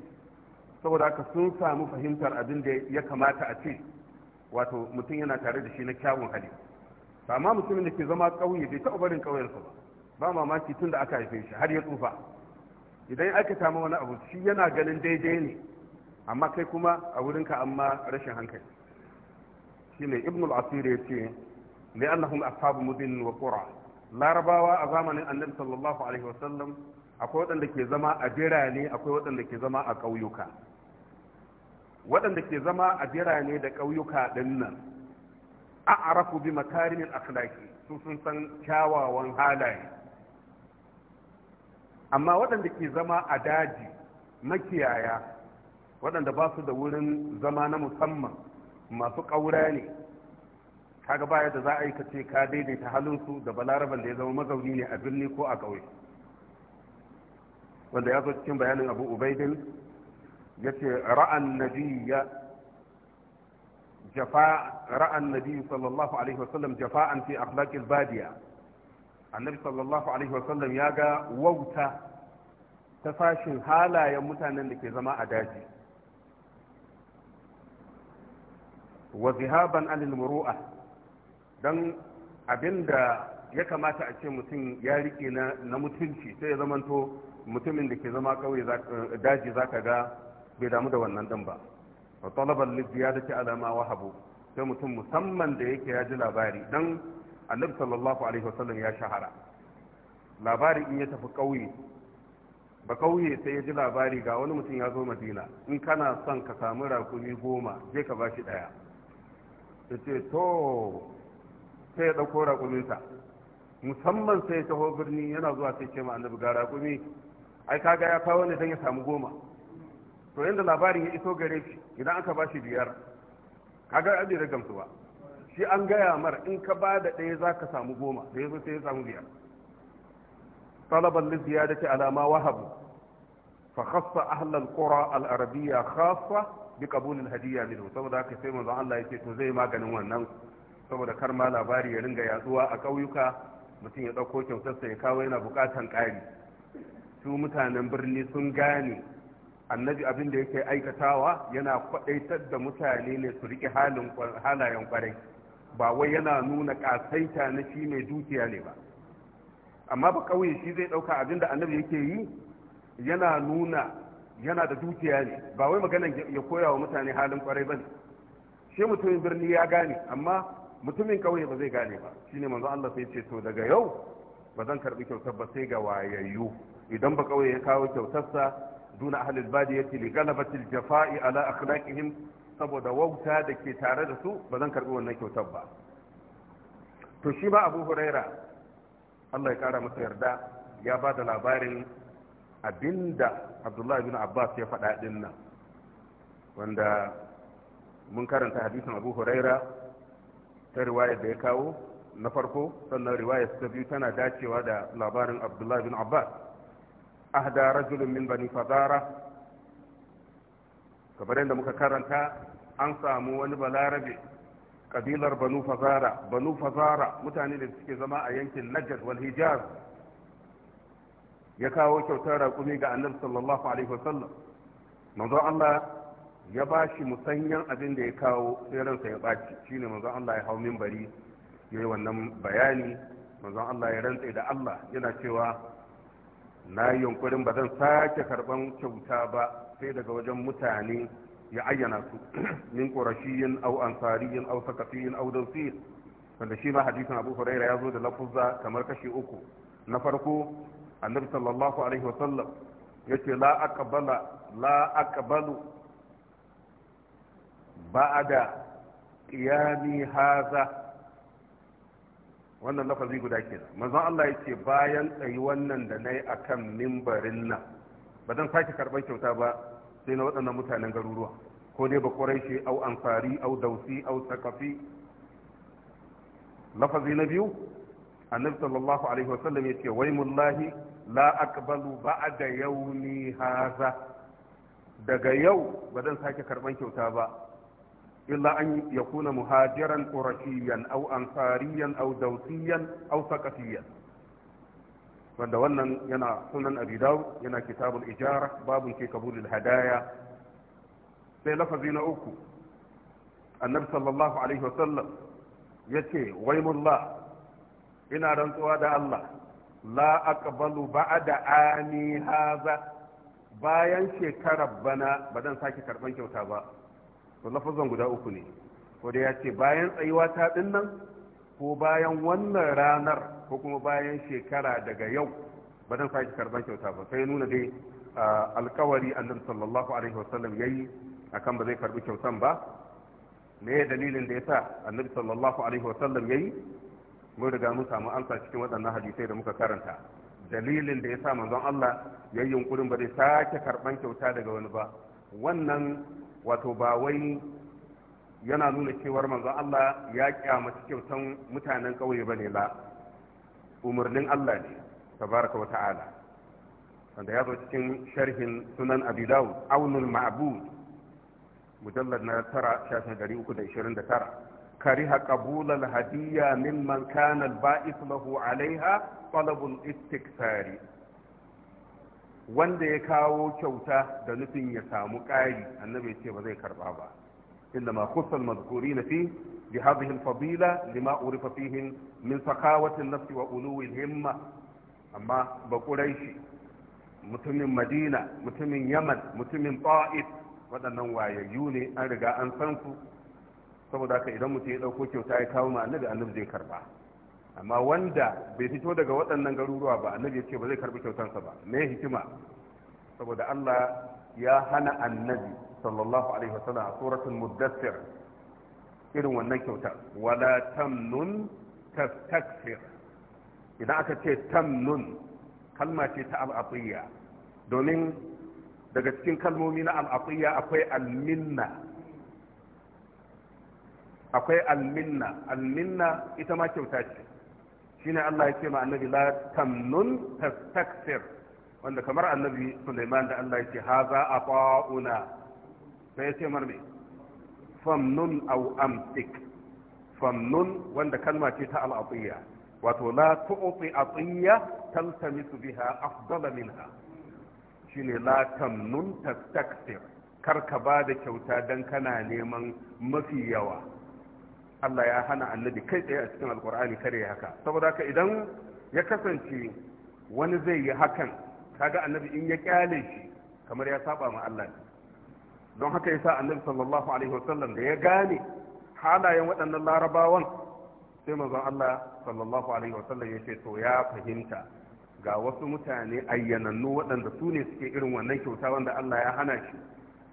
saboda haka sun samu fahimtar abin da ya kamata a ce wato mutum yana tare da shi na kyawun hali amma mutumin da ke zama ƙauye bai taɓa barin ƙauyensa ba ba mamaki tun da aka haife shi har ya tsufa idan aka samu wani abu shi yana ganin daidai ne amma kai kuma a wurinka amma rashin hankali Shi shine ibnul asir ya ce li annahum ashabu mudin wa qura larabawa a zamanin annabi sallallahu alaihi wasallam akwai waɗanda ke zama a birane akwai waɗanda ke zama a ƙauyuka waɗanda ke zama a birane da ƙauyuka ɗin nan a arafu bi makarimin akhlaki su sun san kyawawan halaye amma waɗanda ke zama a daji makiyaya waɗanda ba su da wurin zama na musamman masu ƙaura ne kaga baya da za a yi ka ce ka daidaita halinsu da balaraban da ya zama mazauni ne a birni ko a ƙauye wanda ya zo cikin bayanin abu ubaidin ya ce ra'an nabiyya jafa ra'an nabiyyu sallallahu alaihi wasallam fi akhlaqil badiya annabi sallallahu alaihi wasallam ya ga wauta ta fashin halayen mutanen da ke zama a daji wa zihaban alil muru'a Dan abin da ya kamata a ce mutum ya rike na mutunci sai ya zamanto mutumin da ke zama kawai eh, daji za ka ga bai damu da wannan ɗin ba a talabar libya ya ke alama Habu, sai mutum musamman da yake ya ji labari don annabi sallallahu alaihi wasallam ya shahara labari in ya tafi ƙauye ba ƙauye sai ya ji labari ga wani mutum ya zo madina in kana son ka samu rakumi goma je ka bashi ɗaya ya ce to sai ya ɗauko raƙuminsa musamman sai ya taho birni yana zuwa sai ce ma annabi ga raƙumi ai kaga ya kawo ne don ya samu goma to inda labarin ya iso gare shi idan aka ba shi biyar kaga an da gamsu ba shi an gaya mar in ka ba da ɗaya za ka samu goma da ya zo sai ya samu biyar talaban lizziya da ce alama wahabu fa khassa ahlal qura al arabiyya khassa bi qabul al hadiyya minhu saboda haka sai manzon Allah yake to zai maganin wannan saboda kar ma labari ya ringa yatsuwa, a ƙauyuka mutum ya ɗauko kyautarsa ya kawo yana buƙatan ƙari su mutanen birni sun gane annabi abin da yake aikatawa yana kwaɗaitar da mutane ne su riƙe halayen kwarai ba wai yana nuna ƙasaita na shi mai dukiya ne ba amma ba ƙauye shi zai ɗauka abin da annabi yake yi yana nuna yana da dukiya ne ba wai magana ya koya wa mutane halin kwarai ba ne shi mutumin birni ya gane amma mutumin ƙauye ba zai gane ba shi ne manzo Allah sai ce to daga yau ba zan karbi kyautar ba sai ga wayayyu idan ba kawai ya kawo kyautarsa duna ahlul badiyati li galabatil jafa'i ala akhlaqihim saboda wauta da ke tare da su ba zan karbi wannan kyautar ba to shi ba abu huraira Allah ya kara masa yarda ya ba da labarin abinda abdullahi bin abbas ya faɗa ɗin wanda mun karanta hadisin abu huraira ta riwayar da ya kawo na farko sannan riwayar ta biyu tana dacewa da labarin abdullahi bin abbas ahda rajulun min bani fadara kamar yadda muka karanta an samu wani balarabe kabilar banu fazara banu fazara mutane da suke zama a yankin najd wal hijaz ya kawo kyautar raƙumi ga annabi sallallahu alaihi wasallam manzo Allah ya ba shi musanyan abin da ya kawo sai ransa ya ɓaci shine manzon Allah ya hau minbari ya yi wannan bayani manzon Allah ya rantse da Allah yana cewa na yi yunkurin ba zan sake karban kyauta ba sai daga wajen mutane ya ayyana su (clears throat) min qurashiyin aw ansariyin aw sakafiyin aw dawsiyin wanda shi ma hadisin Abu ya zo da lafuzza kamar kashi uku na farko annabi sallallahu alaihi wasallam yace ba'da qiyami haza wannan lafazi guda kenan manzon Allah yace bayan tsayi wannan da nayi akan mimbarin nan ba zan sake karban kyauta ba sai na waɗannan mutanen garuruwa ko dai ba quraishi au ansari au dausi au sakafi lafazi na biyu annabi sallallahu alaihi wasallam yace waimullahi la aqbalu ba'da yawmi haza daga yau ba zan sake karban kyauta ba illa an yakuna muhajiran qurashiyan aw ansariyan aw dausiyan aw wanda wannan yana sunan abi dawud yana kitabul ijara babun ke kabulul hadaya sai lafazi na uku annabi sallallahu alaihi wasallam yace waimullah ina rantsuwa da Allah la aqbalu ba'da ani haza bayan shekarar bana ba zan sake karɓar kyauta ba to lafazan guda uku ne ko da ya ce bayan tsayuwa ta din nan ko bayan wannan ranar ko kuma bayan shekara daga yau ba zan sake karban kyauta ba sai nuna dai alkawari annabi sallallahu alaihi wasallam yayi akan ba zai karbi kyautan ba me dalilin da yasa annabi sallallahu alaihi wasallam yayi mun riga mun samu amsa cikin waɗannan hadisai da muka karanta dalilin da yasa manzon Allah yayi yunkurin ba zai sake karban kyauta daga wani ba wannan wato ba wai yana nuna cewar manzo Allah ya kyamaci kyautan mutanen kauye ba ne la umarnin Allah ne tabaraka wa ta'ala wanda ya zo cikin sharhin sunan abi dawud aunul ma'bud mujallad na tara shafin dari uku da ishirin da tara kariha qabul al hadiyya mimman kana al lahu alaiha talab istiksari wanda ya kawo kyauta da nufin ya samu ƙari annabi ce ba zai karba ba inda ma mazkuri na fi bi hadhihi fabila, fadila lima urifa fihim min sakawati an wa uluwi himma amma ba quraishi mutumin madina mutumin yaman mutumin ta'if waɗannan wayayyu ne an riga an san su saboda haka idan mutum ya ɗauko kyauta ya kawo ma annabi annabi zai karba amma wanda bai fito daga waɗannan garuruwa ba annabi ya ce ba zai karbi kyautansa ba me hikima saboda Allah ya hana annabi sallallahu alaihi wasallam a suratul muddassir irin wannan kyauta wala tamnun tastakfir idan aka ce tamnun kalma ce ta al'atiyya domin daga cikin kalmomi na al'atiyya akwai alminna akwai alminna alminna ita ma kyauta ce shine Allah ya ce ma annabi la tamnun tastakthir wanda kamar annabi Sulaiman da Allah ya ce haza aqauna sai ya ce mar me famnun aw amsik famnun wanda kalma ce ta al'atiyya wato la tu'ti atiyya taltamisu biha afdala minha shine la tamnun tastakthir kar ka ba da kyauta dan kana neman mafi yawa Allah ya hana annabi kai tsaye a cikin alkur'ani kare ya haka saboda haka idan ya kasance wani zai yi hakan kaga annabi in ya kyale shi kamar ya saba ma Allah don haka yasa annabi sallallahu alaihi wasallam da ya gane halayen waɗannan larabawan sai manzon Allah sallallahu alaihi wasallam ya ce to ya fahimta ga wasu mutane ayyanannu waɗanda su ne suke irin wannan kyauta wanda Allah ya hana shi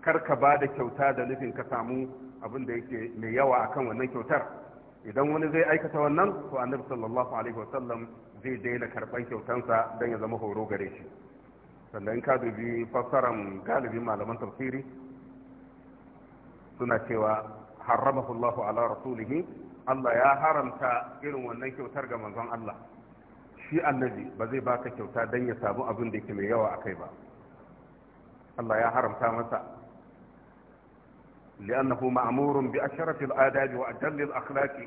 kar ka ba da kyauta da nufin ka samu abin da yake mai yawa akan wannan kyautar idan wani zai aikata wannan to annabi sallallahu alaihi wasallam zai daina karban kyautansa don ya zama horo gare shi sannan ka dubi fassaran galibin malaman tafsiri suna cewa haramahu Allahu ala rasulihi Allah ya haramta irin wannan kyautar ga manzon Allah shi annabi ba zai baka kyauta don ya samu abin da yake mai yawa akai ba Allah ya haramta masa ma'amurin مأمور بأشرف الآداب وأجل الأخلاق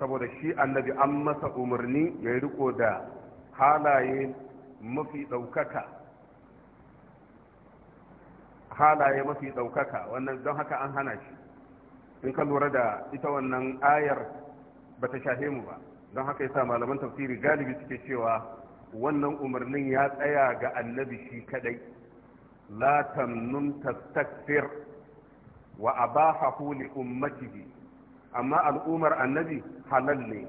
saboda shi annabi an masa umarni ya riko da halaye mafi ɗaukaka halaye mafi ɗaukaka wannan don haka an hana shi in ka lura da ita wannan ayar ba ta shahe mu ba don haka yasa malaman tafsiri galibi suke cewa wannan umarnin ya tsaya ga annabi shi kaɗai la tamnun tastakfir wa abahahu li ummatihi amma al'ummar annabi halal ne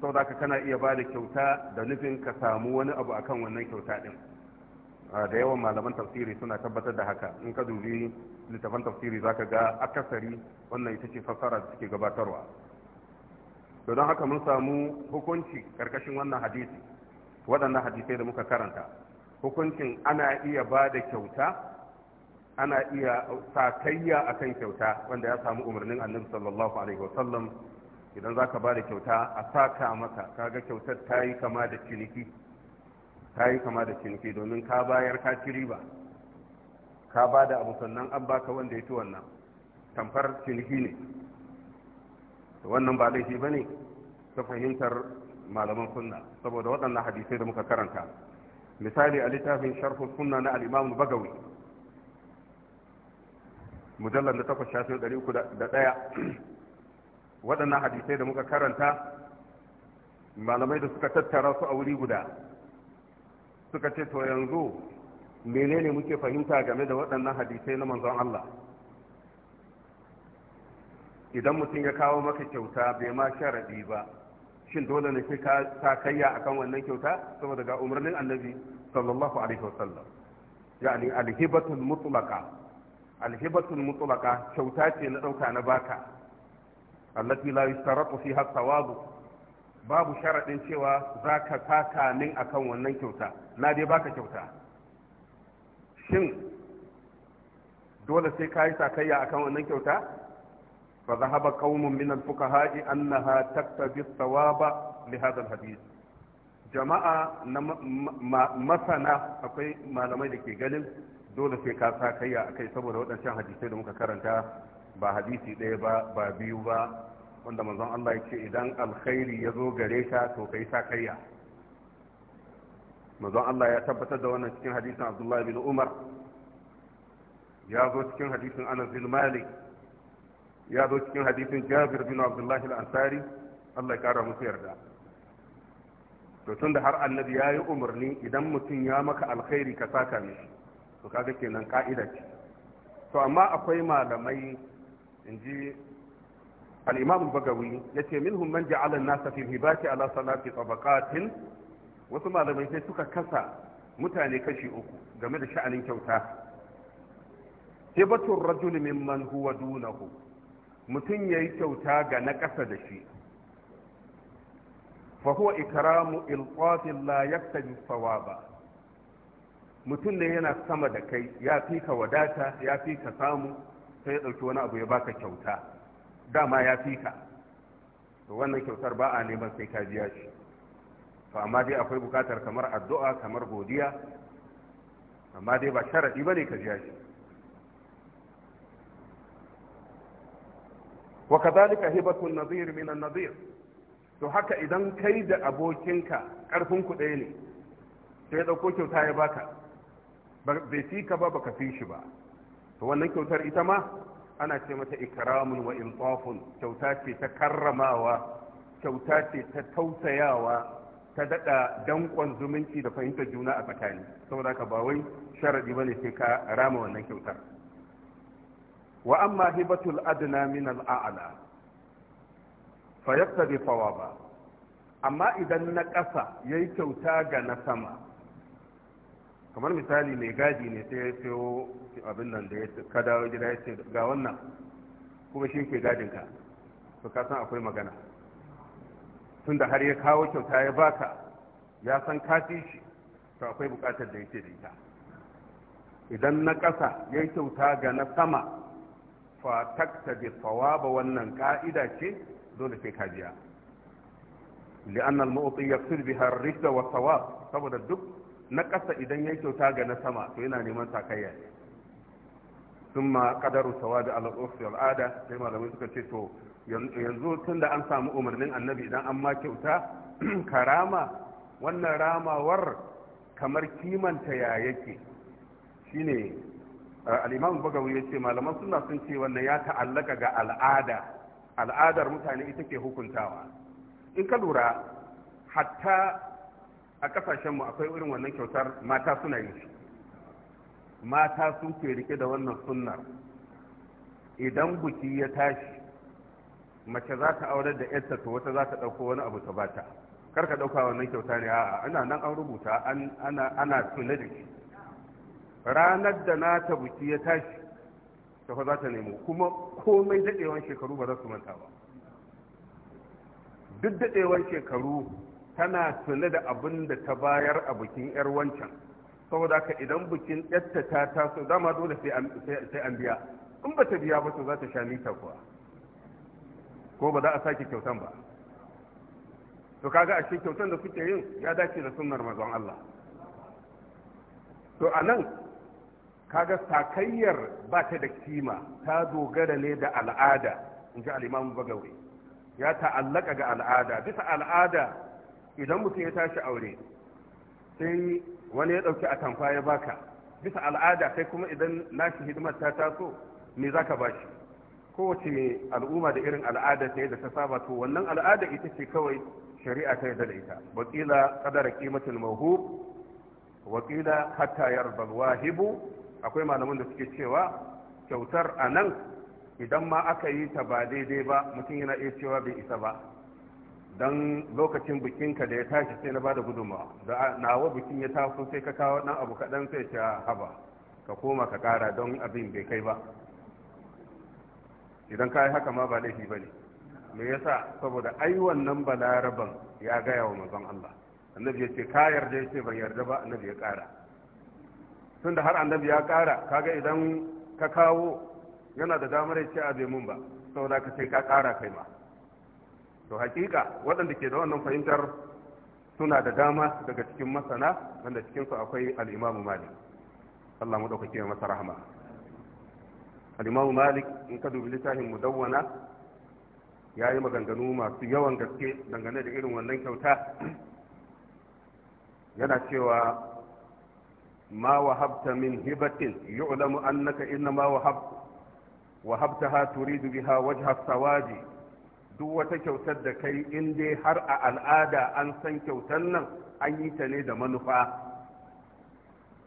saboda ka kana iya ba da kyauta da nufin ka samu wani abu akan wannan kyauta din ah, da yawan malaman tafsiri suna tabbatar da haka in ka dubi littafan tafsiri zaka ga akasari wannan ita ce fassara da suke gabatarwa don haka mun samu hukunci karkashin wannan hadisi waɗannan hadisai da muka karanta hukuncin ana iya ba da kyauta ana iya sakayya kan kyauta wanda ya samu umarnin annabi sallallahu alaihi wasallam idan za ka ba da kyauta a saka maka kaga kyautar ta yi kama da ciniki ta yi kama da ciniki domin ka bayar ka ci riba ka ba da abu sannan an baka wanda ya ci wannan tamfar ciniki ne wannan ba laifi ba ne ta fahimtar malaman sunna saboda waɗannan hadisai da muka karanta misali a littafin sharhu sunna na al-imam bagawi mujallar da takwas shafi ɗari uku da ɗaya waɗannan hadisai da muka karanta malamai da suka tattara su a wuri guda suka ce to yanzu menene muke fahimta game da waɗannan hadisai na manzon Allah idan mutum ya kawo maka kyauta bai ma sharaɗi ba shin dole ne sai ka takayya akan wannan kyauta saboda ga umarnin annabi sallallahu alaihi wasallam yani alhibatul mutlaqa alhibatul mutlaka kyauta ce na ɗauka na baka allati la yustaratu fiha thawabu babu sharadin cewa zaka taka min akan wannan kyauta na dai baka kyauta shin dole sai yi sakayya akan wannan kyauta fa zahaba qaumun min al annaha taktabi thawaba li hadha al jama'a na masana akwai malamai da ke ganin dole sai ka sa kayya a kai saboda waɗancan hadisai da muka karanta ba hadisi ɗaya ba ba biyu ba wanda manzon Allah ya ce idan alkhairi ya zo gare ka to kai sa kayya manzon Allah ya tabbatar da wannan cikin hadisin Abdullah bin Umar ya zo cikin hadisin Anas bin Malik ya zo cikin hadisin Jabir bin Abdullah al-Ansari Allah ya kara musu yarda to tunda har annabi ya yi umarni idan mutum ya maka alkhairi ka saka mishi to kaga kenan ka'ida ce to amma akwai malamai inji al-imam bagawi yace minhum man ja'ala an-nasa fi hibati ala salati tabaqatin wasu malamai sai suka kasa mutane kashi uku game da sha'anin kyauta hibatul rajul mimman huwa dunahu mutum yayi kyauta ga na kasa da shi fa huwa ikramu ilqafin la yaktabi thawaba mutum ne yana sama da kai ya fi ka wadata ya fi ka samu sai ya ɗauki wani abu ya baka kyauta dama ya fi ka to wannan kyautar ba a neman sai ka biya shi to amma dai akwai bukatar kamar addu'a kamar godiya amma dai ba sharaɗi ba ne ka biya shi wa kazalika hibatun nadhir min an nadhir to haka idan kai da abokinka karfin ku ɗaya ne sai ya ɗauko kyauta ya baka bai fi ka ba baka fi shi ba to wannan kyautar ita ma ana ce mata ikramun wa iltafun kyauta ce ta karramawa kyauta ce ta tausayawa ta daɗa danƙon zumunci da fahimtar juna a tsakani saboda ka ba wai sharadi bane sai ka rama wannan kyautar wa amma hibatul adna min al a'la fa yaqtadi thawaba amma idan na ƙasa yayi kyauta ga na sama kamar misali mai gadi ne sai ya sayo abin nan da ya ka dawo gida ya ce ga wannan kuma shi ke gadin ka to ka san akwai magana tunda har ya kawo kyauta ya baka ya san ka shi to akwai bukatar da yake da ita idan na ƙasa ya kyauta ga na sama fa takta bi ba wannan ka'ida ce dole sai ka biya li'anna al-mu'ti yaqtil biha ar-rizq wa sawab saboda duk na ƙasa idan ya kyauta ga na sama to yana neman sakayya ne sun ma ƙadaru sawa da al'ada sai malamai suka ce to yanzu tun da an samu umarnin annabi idan an ma kyauta (clears throat) karama wannan ramawar kamar kimanta ya yake shine eh, al'imam bagawi ya ce malaman suna sun ce wannan ya ta'allaka ga al'ada al'adar mutane ita ke hukuntawa in ka lura hatta a kasashenmu akwai irin wannan kyautar mata suna yi mata sun ke rike da wannan sunnar idan buki ya tashi mace za ta aurar da yarta to wata za ta ɗauko wani abu ta bata kar ka ɗauka wannan kyauta ne a'a ana nan an rubuta ana tuna da shi ranar da na ta buki ya tashi ta fa za ta nemo kuma komai daɗewan shekaru ba za su manta ba duk daɗewan shekaru tana tuni da abin da ta bayar a bikin yar wancan saboda ka idan bikin yatta ta taso dama dole sai an biya in ba ta biya ba to za ta sha nita kuwa ko ba za a sake kyautan ba to kaga a kyautan da kuke yin ya dace da sunnar mazan Allah to a nan kaga sakayyar ba ta da kima ta dogara ne da al'ada in ji al'imamu bagawi ya ta'allaka ga al'ada bisa al'ada idan mutum ya tashi aure sai wani ya ɗauki atamfa ya baka bisa al'ada kai kuma idan nashi hidimar ta taso me za ka bashi kowace mai al'umma da irin al'ada ta da ta saba to wannan al'ada ita ce kawai shari'a ta yi da ita wakila qadara kimatin mahu wakila hatta Balwa wahibu akwai malaman da suke cewa kyautar a nan? idan ma aka yi ta ba daidai ba mutum yana iya cewa bai isa ba don lokacin bikinka da ya tashi sai na bada gudunmawa da nawa bikin ya taso sai ka kawo dan abu kaɗan sai ta ah, haba ka koma ka ƙara don abin bai kai ba idan ka yi haka ma ba laifi ba ne me yasa saboda ai wannan balaraban ya gaya wa manzon Allah annabi ya ce ka yarda ya ce ban yarda ba annabi ya ƙara tun da har annabi ya ƙara kaga idan ka kawo yana da damar ya ce a ah, bai mun ba saboda ka ce ka ƙara kai ma to hakika waɗanda ke da wannan fahimtar suna da dama daga cikin masana wanda cikinsu akwai al'imamu malik Allah maɗaukake masa rahama al'imamu malik in ka dubi littafin mudawwana ya yi maganganu masu yawan gaske dangane da irin wannan kyauta yana cewa ma wahabta min hibatin yu'lamu annaka inna ma wahabta wahabtaha turidu biha wajha sawaji duk wata kyautar da kai in dai har a al'ada an san kyautar nan an yi ta ne da manufa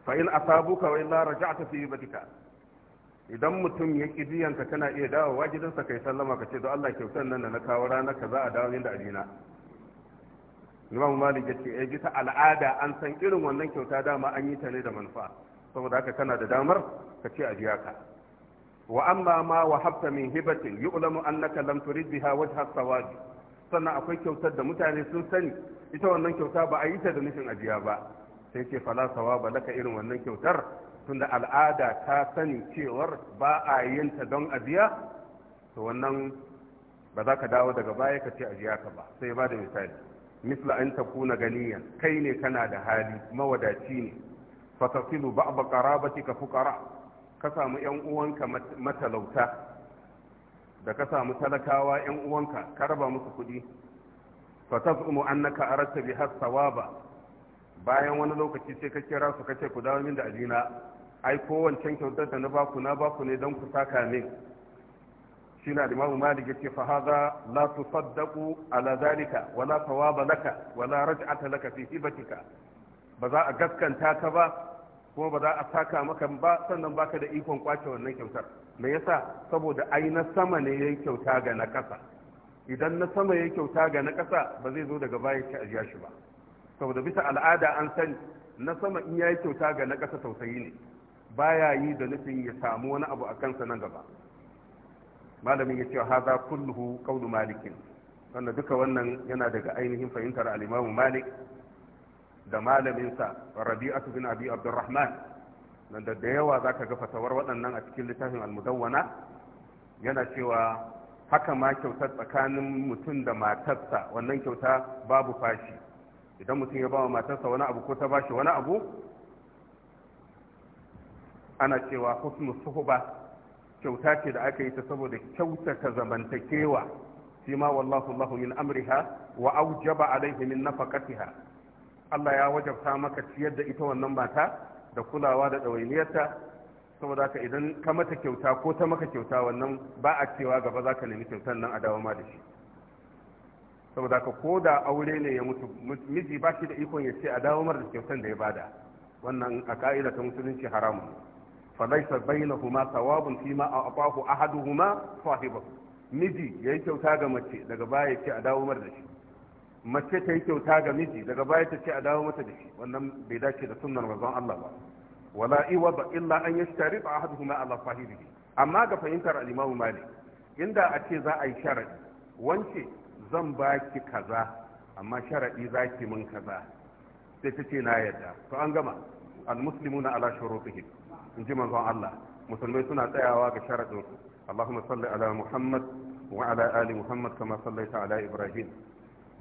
fa in asabuka wa illa raja'ta fi ibadika idan mutum ya ki ka kana iya dawo, dawowa gidansa kai sallama ka ce da Allah kyautar nan da na kawo rana za a dawo inda ajina Imam Malik ya ce eh bisa al'ada an san irin wannan kyauta dama an yi ta ne da manufa saboda haka kana da damar ka ce a biya ka wa amma ma wa hafta min hibatin yu'lamu annaka lam turid biha sannan akwai kyautar da mutane sun sani ita wannan kyauta ba a yi ta da nufin ajiya ba sai ce fala sawaba laka irin wannan kyautar tunda al'ada ta sani cewar ba a yin ta don ajiya to wannan ba za ka dawo daga baya ka ce ajiya ka ba sai ba da misali misla an takuna ganiyan kai ne kana da hali mawadaci ne ba ba'da ka fukara ka samu yan uwanka matalauta da ka samu talakawa yan uwanka ka raba musu kuɗi fatazumu annaka aratta bi hasawaba bayan wani lokaci sai ka kira su kace ku dawo min da ajina ai ko wancan kyautar da na baku na baku ne don ku saka min shine al-imamu malik yace fa hadha la tusaddaqu ala zalika wala thawaba laka wala raj'ata laka fi hibatika ba za a gaskanta ka ba kuma ba za a saka maka ba sannan baka da ikon kwace wannan kyautar me yasa saboda ai na sama ne yayin kyauta ga na ƙasa idan na sama yayin kyauta ga na ƙasa ba zai zo daga baya ki ajiya shi ba saboda bisa al'ada an sani na sama in yayi kyauta ga na kasa tausayi ne baya yi da nufin ya samu wani abu a kansa nan gaba malamin ya ce haza kulluhu qawlu malikin wannan duka wannan yana daga ainihin fahimtar al-imamu malik da malaminsa rabi'atu bin abi abdurrahman nan da yawa zaka ka ga fatawar waɗannan a cikin littafin almudawwana yana cewa haka ma kyauta tsakanin mutum da matarsa wannan kyauta babu fashi idan mutum ya ba wa matarsa wani abu ko ta ba wani abu ana cewa husnu suhuba kyauta ce da aka yi ta saboda kyautata zamantakewa shi ma wallahu min amriha wa aujaba alaihi min nafaqatiha Allah ya wajabta maka ciyar da ita wannan mata da kulawa da ɗawainiyarta saboda ka idan ka mata kyauta ko ta maka kyauta wannan ba a cewa gaba za ka nemi kyautar nan a dawo ma da shi saboda ka ko da aure ne ya mutu miji ba shi da ikon ya ce a dawo mar da kyautar da ya bada wannan a ka'ida ta musulunci haramun fa laysa bainahuma thawabun ma aqahu ahaduhuma sahibahu miji yayi kyauta ga mace daga baya ya ce a dawo mar da shi mace ta yi kyauta ga miji daga baya ta ce a dawo mata da shi wannan bai dace da sunnar manzon Allah ba wala iwada illa an yashtari ba ahaduhuma ala sahibihi amma ga fahimtar al-Imam Malik inda a ce za a yi sharadi wance zan baki kaza amma sharadi zaki min kaza sai ta ce na yadda to an gama al-muslimuna ala shurutihim in ji manzon Allah musulmai suna tsayawa ga sharadin Allahumma salli ala Muhammad wa ala ali Muhammad kama sallaita ala Ibrahim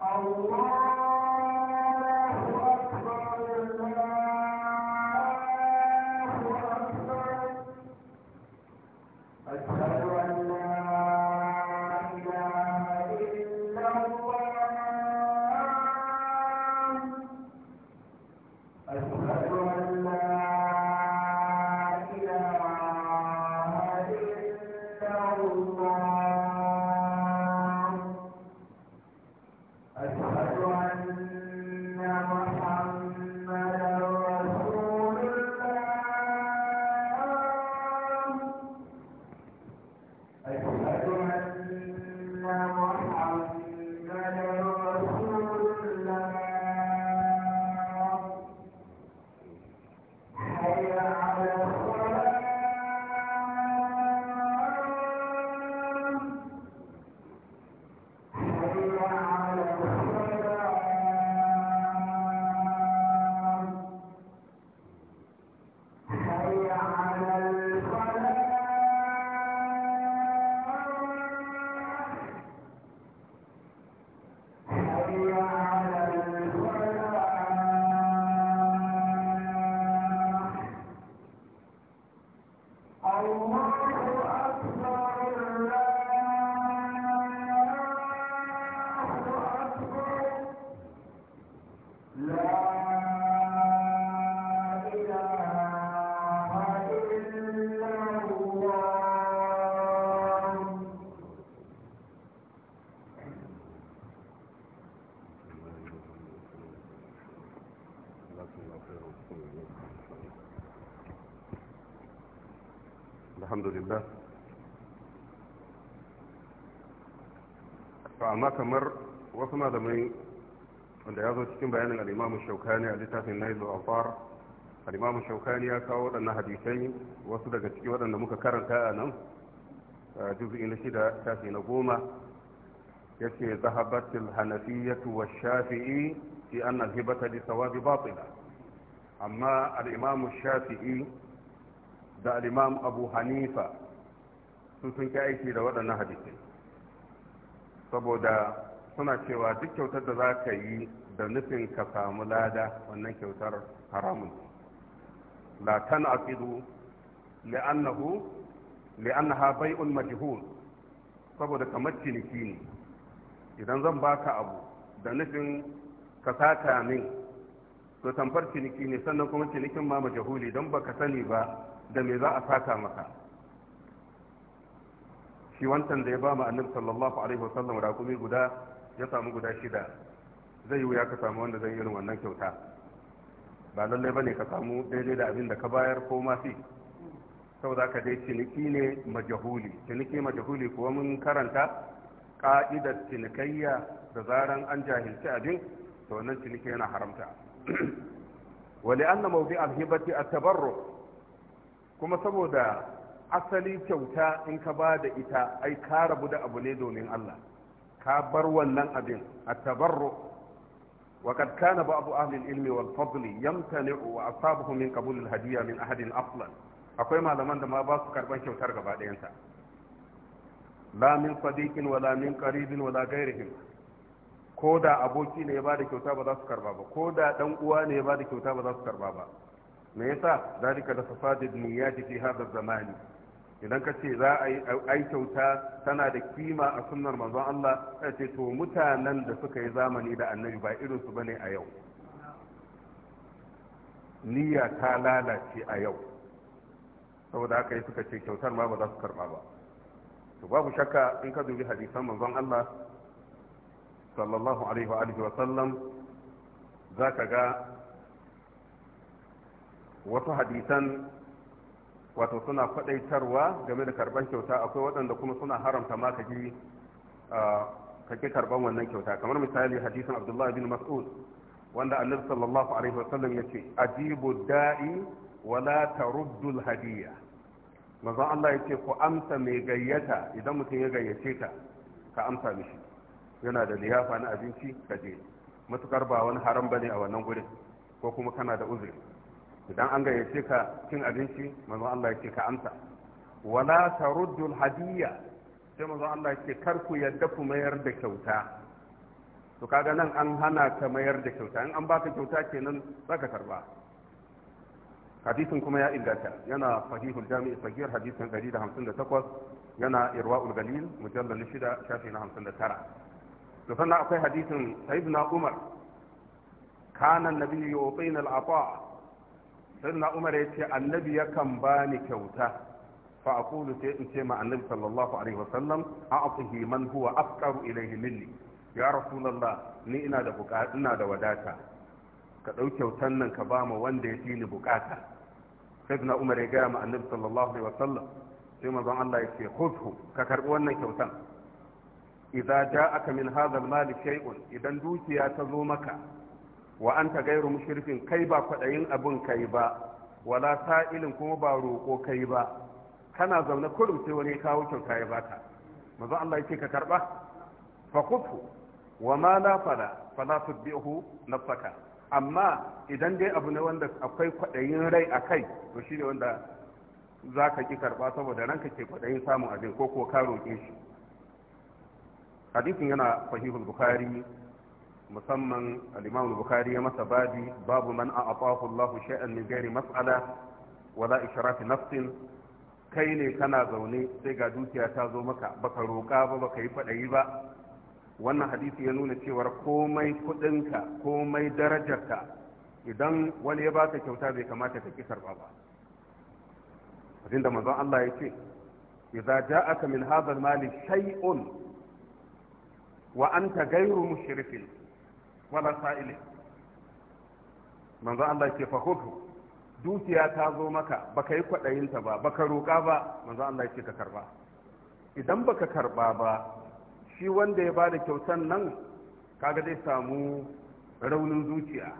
الله alhamdulillah to amma kamar wasu malamai wanda ya zo cikin bayanin al'imamu shaukani a littafin nailu alfar al'imamu shaukani ya kawo waɗannan hadisai wasu daga ciki waɗanda muka karanta a nan juzu'in na shida tafi na goma ya ce zahabatul hanafiyatu wa shafi'i fi annal hibata li sawabi batila amma al'imamu shafi'i da al'imam abu hanifa su sun ki aiki da waɗannan hadisai saboda suna cewa duk kyautar da za ka yi da nufin ka samu lada wannan kyautar haramun la tan aqidu li'annahu li'annaha bai'un majhul saboda kamar ciniki ne idan zan baka abu da nufin ka saka min to tamfar ciniki ne sannan kuma cinikin ma majhuli don baka sani ba da me za a saka maka shi wancan da ya ba mu annabi sallallahu alaihi wasallam raƙumi guda ya samu guda shida zai wuya ka samu wanda zai irin wannan kyauta ba lallai bane ka samu daidai da abin da ka bayar ko ma fi saboda ka dai ciniki ne majahuli ciniki majahuli kuwa mun karanta ka'idar cinikayya da zaran an jahilci abin to wannan ciniki yana haramta (clears throat) wali anna mawdi al-hibati at-tabarruk kuma saboda asali kyauta in ka ba da ita ai ka rabu da abu ne domin Allah ka bar wannan abin a tabarru wa kad kana ba'du ahli al-ilmi wal fadli yamtani'u wa asabahu min qabul al-hadiyya min ahadin aflan akwai malaman da ma ba su karban kyautar gaba ɗayanta la min sadiqin wala min qaribin wala ghairihim ko da aboki ne ya ba da kyauta ba za su karba ba ko da dan uwa ne ya ba da kyauta ba za su karba ba me yasa zalika da fasadid niyyati fi hadha zamani idan ka ce za a yi kyauta tana da kima a sunnar manzon Allah sai ce to mutanen da suka yi zamani da annabi ba irin su bane a yau niyya ta lalace a yau saboda haka yi suka ce kyautar ma ba za su karba ba to babu shakka in ka dubi hadisan manzon Allah sallallahu alaihi wa alihi wa sallam zaka ga wasu hadisan wato suna faɗaitarwa game da karban kyauta akwai waɗanda kuma suna haramta ma ka ji kake karban wannan kyauta kamar misali hadisin abdullahi bin mas'ud wanda annabi sallallahu alaihi wasallam ya ce ajibu da'i wala taruddul hadiyya manzon Allah ya ce ku amsa mai gayyata idan mutum ya gayyace ka ka amsa mishi yana da liyafa na abinci ka je matukar ba wani haram bane a wannan gurin ko kuma kana da uzuri idan an gayyace ka cin abinci manzo Allah yake ka amsa wala taruddu hadiyya sai manzo Allah yake kar ku yadda ku mayar da kyauta to kaga nan an hana ka mayar da kyauta in an baka kyauta kenan zaka karba hadisin kuma ya inganta yana sahihul jami'i sahih hadisin 158 yana irwaul galil mujallal shida, shafi na 59 to sannan akwai hadisin sayyidina umar kana annabi yu'tina al-ata sayyidina umar ya ce annabi yakan ba ni kyauta fa a aqulu sai in ce ma annabi sallallahu alaihi wasallam a'tihi man huwa afqaru ilayhi minni ya rasulullah ni ina da bukata ina da wadata ka ɗau kyautan nan ka ba ma wanda ya fi ni bukata sayyidina umar ya gaya ma annabi sallallahu alaihi wasallam sai manzon Allah ya ce khudhu ka karbi wannan kyautan idza ja'aka min hadha al-mal shay'un idan dukiya ta zo maka wa anta gairu mushrifin kai ba kwaɗayin abin kai ba wala sa'ilin kuma ba roƙo kai ba kana zaune kurum sai wani ya kawo kyauta ya baka maza Allah yake ka karba fa kufu wa ma la fala fala tudbihu nafaka amma idan dai abu ne wanda akwai kwaɗayin rai a kai to shi wanda za ka ki karɓa saboda ranka ke kwaɗayin samun abin ko ko ka roƙe shi hadisin yana sahihul bukhari musamman al-Imam ya masa babi babu man a'atahu Allah shay'an min ghairi mas'ala wala ishrafi nafsin kai ne kana zaune sai ga dukiya ta zo maka baka roƙa ba baka yi fadayi ba wannan hadisi ya nuna cewar komai kudinka komai darajarka idan wani ya baka kyauta bai kamata ka kisar ba ba abinda manzon Allah ya ce idza ja'aka min hadha al-mali shay'un wa anta ghayru mushrifin wala sa'ile manzo Allah ke fa dukiya ta zo maka baka yi ta ba baka roƙa ba manzo Allah ce ka karba idan baka karba ba shi wanda ya bada kyautan nan kaga zai samu raunin zuciya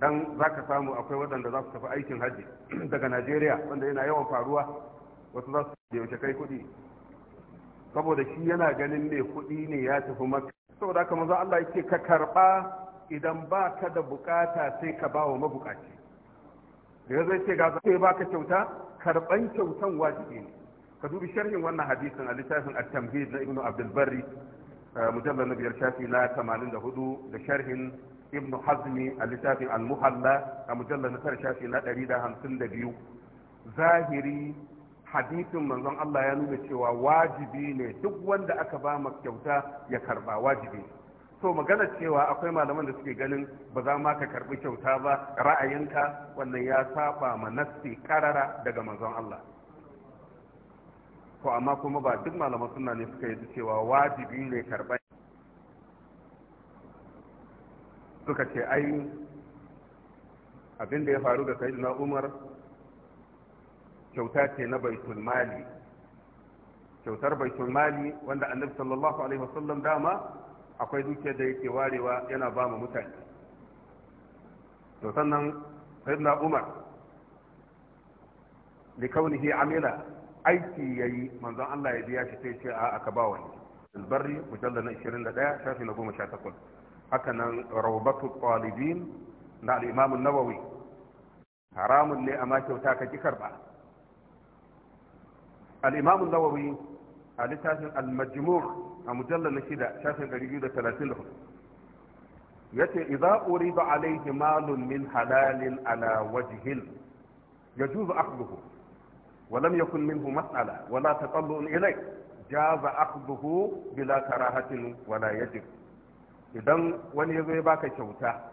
dan za ka samu akwai waɗanda za su tafi aikin hajji (clears throat) daga najeriya wanda yana yawan faruwa wasu za su yaushe kai kuɗi saboda shi yana ganin mai kuɗi ne ya tafi maka saboda haka za Allah yake ka karba idan ba ka da bukata sai ka ba wa mabukaci da ya zai ce ga zai ba ka kyauta karban kyautan wajibi ne ka dubi sharhin wannan hadisin a littafin at-tamhid na ibnu abdul barri eh, mujallal na biyar shafi na 84 da sharhin ibnu hazmi a littafin al-muhalla a mujallal na tara shafi na biyu zahiri hadisin manzon Allah ya nuna cewa wajibi ne duk wanda aka ba mu kyauta ya karba wajibi so to magana cewa akwai malaman da suke ganin ba za ma ka karbi kyauta ba ra'ayinka wannan ya saba ma nassi karara daga manzon Allah to amma kuma ba duk malaman sunna ne suka yi cewa wajibi ne karba suka ce ai abin da ya faru da sayyidina Umar kyauta ce na baitul mali kyautar baitul mali wanda annabi sallallahu alaihi wasallam dama akwai dukiyar da yake warewa yana ba mu mutane to sannan sayyidina umar li kaunihi amila aiki yayi manzon Allah ya biya shi sai ce a aka ba wani albarri mujallal na 21 shafi na 18 haka nan rawbatu talibin na al-imam an-nawawi haramun ne amma kyauta ka kikar karba الإمام النووي على شاشة المجموع المجلل لشدة شاشة الرجل الثلاثة يتي إذا أريد عليه مال من حلال على وجه يجوز أخذه ولم يكن منه مسألة ولا تطلع إليه جاز أخذه بلا كراهة ولا يجب إذا وني يباك شوتا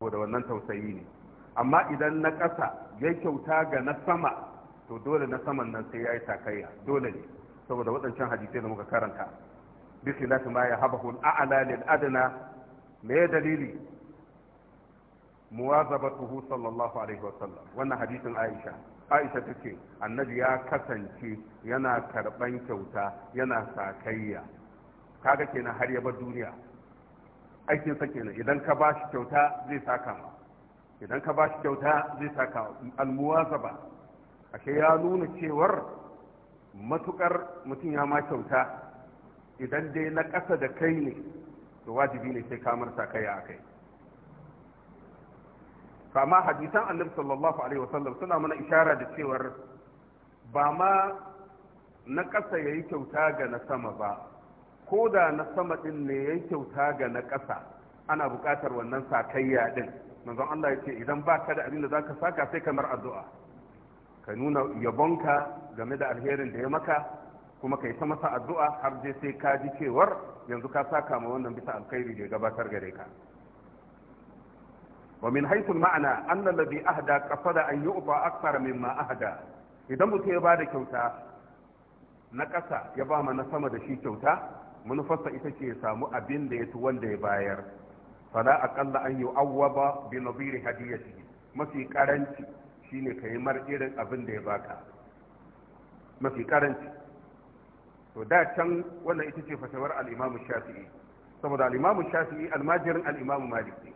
ودونا توسيني أما إذا نكسى جي شوتا جنا to dole na saman nan sai ya yi takayya dole ne saboda waɗancan hadisai da muka karanta bisi na ma ya habahu a'ala lil adana. me dalili muwazabatuhu sallallahu alaihi wa sallam wannan hadisin Aisha Aisha tace annabi ya kasance yana karban kyauta yana sakayya kaga kenan har ya bar duniya aikin sa kenan idan ka bashi kyauta zai saka ma idan ka bashi kyauta zai saka almuwazaba ashe ya nuna cewar matukar mutum ya ma kyauta idan dai na ƙasa da kai ne to wajibi ne sai kamar sa kai a kai kama hadisan annabi sallallahu alaihi wasallam suna mana ishara da cewar ba ma na ƙasa ya yi kyauta ga na sama ba ko da na sama ɗin ne ya yi kyauta ga na ƙasa ana buƙatar wannan sakayya ɗin manzon Allah ya ce idan ba ka da abin da za ka saka sai kamar addu'a ka nuna yabonka game da alherin da ya maka kuma ka yi ta masa addu'a har je sai ka ji cewar yanzu ka saka ma wannan bisa alkhairi da ya gabatar gare ka wa min haythul ma'ana anna alladhi ahda qasada an yu'ta akthar mimma ahda idan mutum ya bada kyauta na ƙasa ya ba ma na sama da shi kyauta manufarsa ita ce ya samu abin da ya fi wanda ya bayar fala aqalla an yu'awwaba bi nadhiri hadiyati mafi karanci shine ka yi mar irin abin da ya baka mafi karanci to da can wannan ita ce fatawar al'imamu shafi'i saboda al'imamu shafi'i almajirin al'imamu malik ne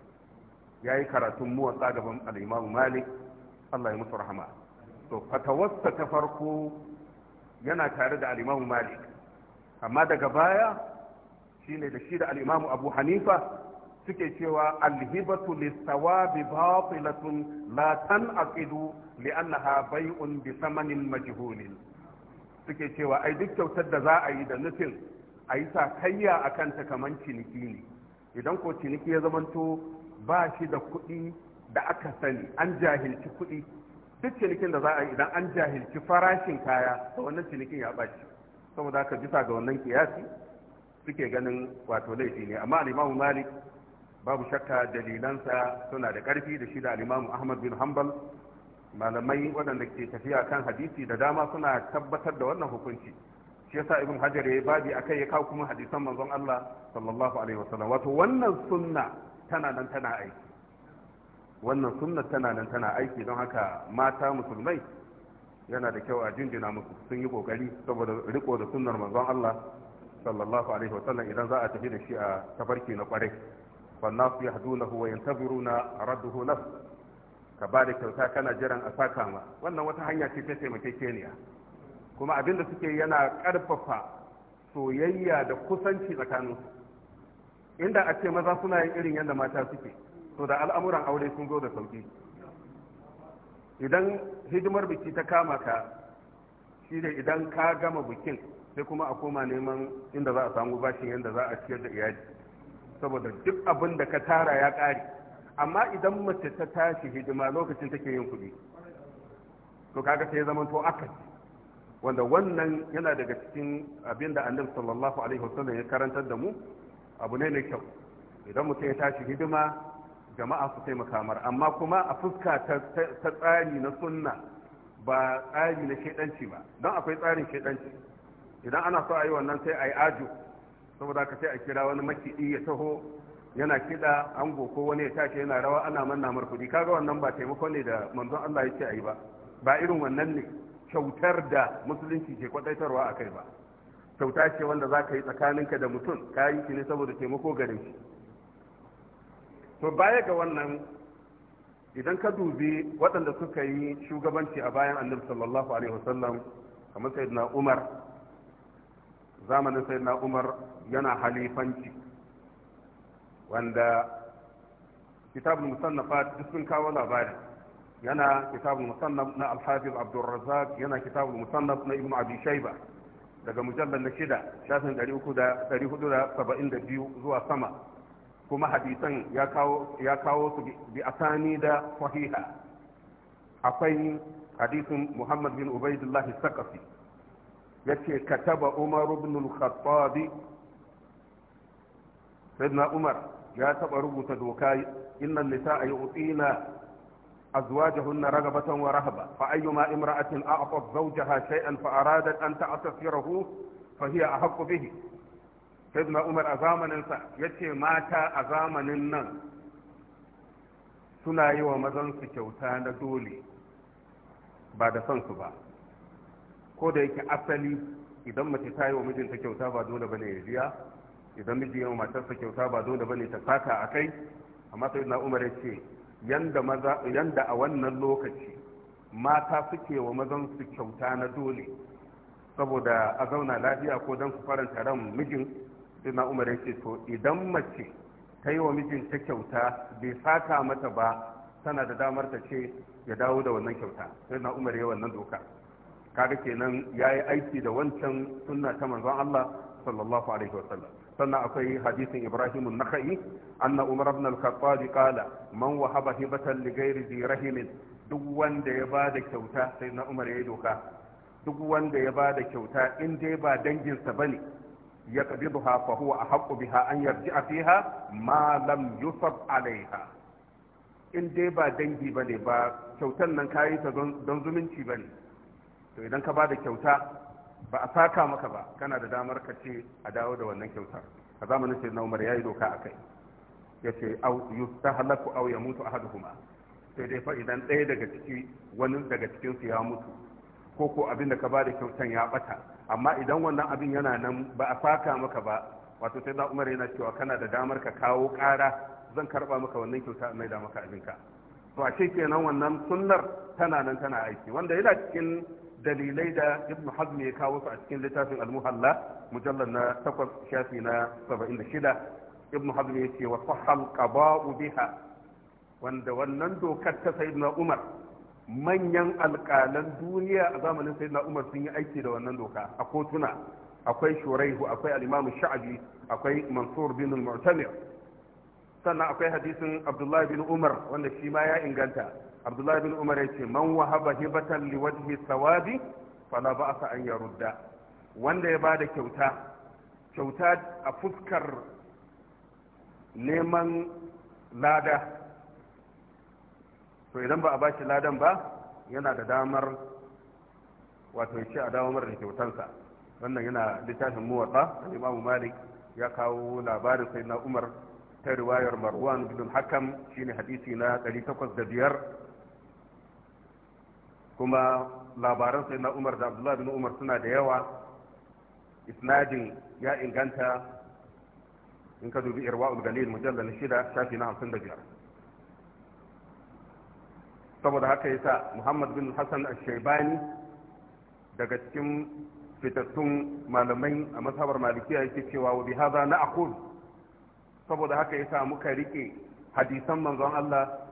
ya yi karatun muwatsa gaban al'imamu malik allah ya musu rahama to fatawarsa ta farko yana tare da al'imamu malik amma daga baya shine da shi da al'imamu abu hanifa suke cewa alhibatu lisawabi batilatun la li annaha bay'un bi thamanin majhulin suke cewa ai duk kyautar da za a yi da nufin a yi sakayya a kanta kamar ciniki ne idan ko ciniki ya zamanto ba shi da kuɗi da aka sani an jahilci kuɗi duk cinikin da za a yi idan an jahilci farashin kaya to wannan cinikin ya bashi saboda haka bisa ga wannan kiyasi suke ganin wato laifi ne amma al malik babu shakka dalilansa suna da ƙarfi da shi da alimamu ahmad bin hanbal malamai waɗanda ke tafiya kan hadisi da dama suna tabbatar da wannan hukunci shi yasa ibn hajar ya babi akai ya kawo kuma hadisan manzon Allah sallallahu alaihi wasallam wato wannan sunna tana nan tana aiki wannan sunna tana nan tana aiki don haka mata musulmai yana da kyau a jinjina musu sun yi kokari saboda riko da sunnar manzon Allah sallallahu alaihi wasallam idan za a tafi da shi a tafarki na kwarai والناس يهدونه وينتظرون رده له ka ba da kyauta kana jiran a sakama wannan wata hanya ce ta taimakekeniya kuma abin da suke yana karfafa soyayya da kusanci tsakaninsu inda a ce maza suna yin irin yadda mata suke to da al'amuran aure sun zo da sauki idan hidimar biki ta kama ka shi ne idan ka gama bikin sai kuma a koma neman inda za a samu bashin yadda za a ciyar da iyali saboda duk abin da ka tara ya ƙare amma idan mace ta tashi hidima lokacin take yin kuɗi to kaga sai zama to aka wanda wannan yana daga cikin abin da annabi sallallahu alaihi wasallam ya karantar da mu abu ne mai kyau idan mutum ya tashi hidima jama'a su taimaka mar amma kuma a fuska ta tsari na sunna ba tsari na shaidanci ba don akwai tsarin shaidanci. idan ana so a yi wannan sai a yi ajo saboda ka sai a kira wani makiɗi ya taho yana kiɗa ango ko wani ya tashi yana rawa ana manna markudi kuɗi kaga wannan ba taimako ne da manzon Allah ya ce a yi ba ba irin wannan ne kyautar da musulunci ke kwadaitarwa a kai ba kyauta ce wanda za ka yi tsakaninka da mutum ka yi shi ne saboda taimako gare shi to baya ga wannan idan ka dubi waɗanda suka yi shugabanci a bayan annabi sallallahu alaihi wasallam kamar sayyidina umar zamanin sai na umar yana halifanci wanda kitabun musannafat duk sun kawo labarin yana kitabun musannaf na alhafiz Abdulrazak, yana kitabun musannaf na Ibn abi daga mujallar na shida shafin 472 zuwa sama kuma hadisan ya kawo su bi asani da sahiha akwai hadisin muhammad bin Ubaidullahi sakafi yace kataba umar ibn al-khattab sayyidina umar ya taba rubuta doka innan nisaa yu'tina azwajahunna ragabatan wa rahaba fa ayyuma imra'atin a'tat zawjaha shay'an fa aradat an ta'tasirahu fa hiya ahqqu bihi sayyidina umar a zamaninsa yace mata a zamanin nan suna yi wa mazansu kyauta na dole ba da son su ba ko da yake asali idan mace ta yi wa mijinta kyauta ba dole bane ya biya idan miji yawa matarsa kyauta ba dole bane ta saka a kai amma sai na umar ce yanda a wannan lokaci mata suke wa mazan su kyauta na dole saboda a zauna lafiya ko don su faranta ran mijin sai na umar ce to idan mace ta yi wa mijinta kyauta bai saka mata ba tana da damar ta ce ya dawo da wannan kyauta sai na umar ya wannan doka kaga kenan ya yi aiki da wancan sunna ta manzon Allah sallallahu alaihi sannan akwai hadisin Ibrahim an-Nakhai anna Umar ibn al-Khattab qala man wahaba hibatan li ghairi zi rahimin duk wanda ya bada kyauta sai na Umar yayi doka duk wanda ya bada kyauta in dai ba danginsa bane ya qabiduha fa huwa ahqqu biha an yarji'a fiha ma lam yusab alaiha in dai ba dangi bane ba kyautan nan kayi ta don zumunci bane to idan ka ba da kyauta ba a saka maka ba kana da damar ka ce a dawo da wannan kyautar a zamanin sai na umar ya yi doka a kai ya ce ta halaku au ya mutu ahaduhuma sai dai fa idan ɗaya daga ciki wani daga cikinsu ya mutu ko ko abin da ka ba da kyautan ya bata amma idan wannan abin yana nan ba a saka maka ba wato sai na umar yana cewa kana da damar ka kawo ƙara zan karɓa maka wannan kyauta mai da maka abinka to a ce kenan wannan sunnar tana nan tana aiki wanda yana cikin dalilai da ibn hazm ya kawo su a cikin littafin al-muhalla mujallal na 8 shafi na 76 ibn hazm ya ce wa sahal qaba'u biha wanda wannan dokar ta sayyidina umar manyan alƙalan duniya a zamanin sayyidina umar sun yi aiki da wannan doka a kotuna akwai shuraihu akwai al-imam akwai mansur bin al-mu'tamir sannan akwai hadisin abdullahi bin umar wanda shi ma ya inganta abdullahi bin umar ya ce man wahaba hibatan liwajhi sawabi fala ba'sa an yarudda wanda ya bada kyauta kyauta a fuskar neman lada to idan ba a bashi ladan ba yana da damar wato ya ce a dawo mara da kyautansa wannan yana littafin muwatta da imamu malik ya kawo labarin sai na umar ta riwayar marwan bin hakam shine hadisi na 805 kuma labaran sai na umar da abdullahi bin umar suna da yawa isnadin ya inganta in ka dubi irwa'ul galil mujallar shida shafi na hamsin da biyar saboda haka yasa muhammad bin hassan al-shaibani daga cikin fitattun malamai a masabar malikiya yake cewa wa bi haza na akul saboda haka yasa muka rike hadisan manzon Allah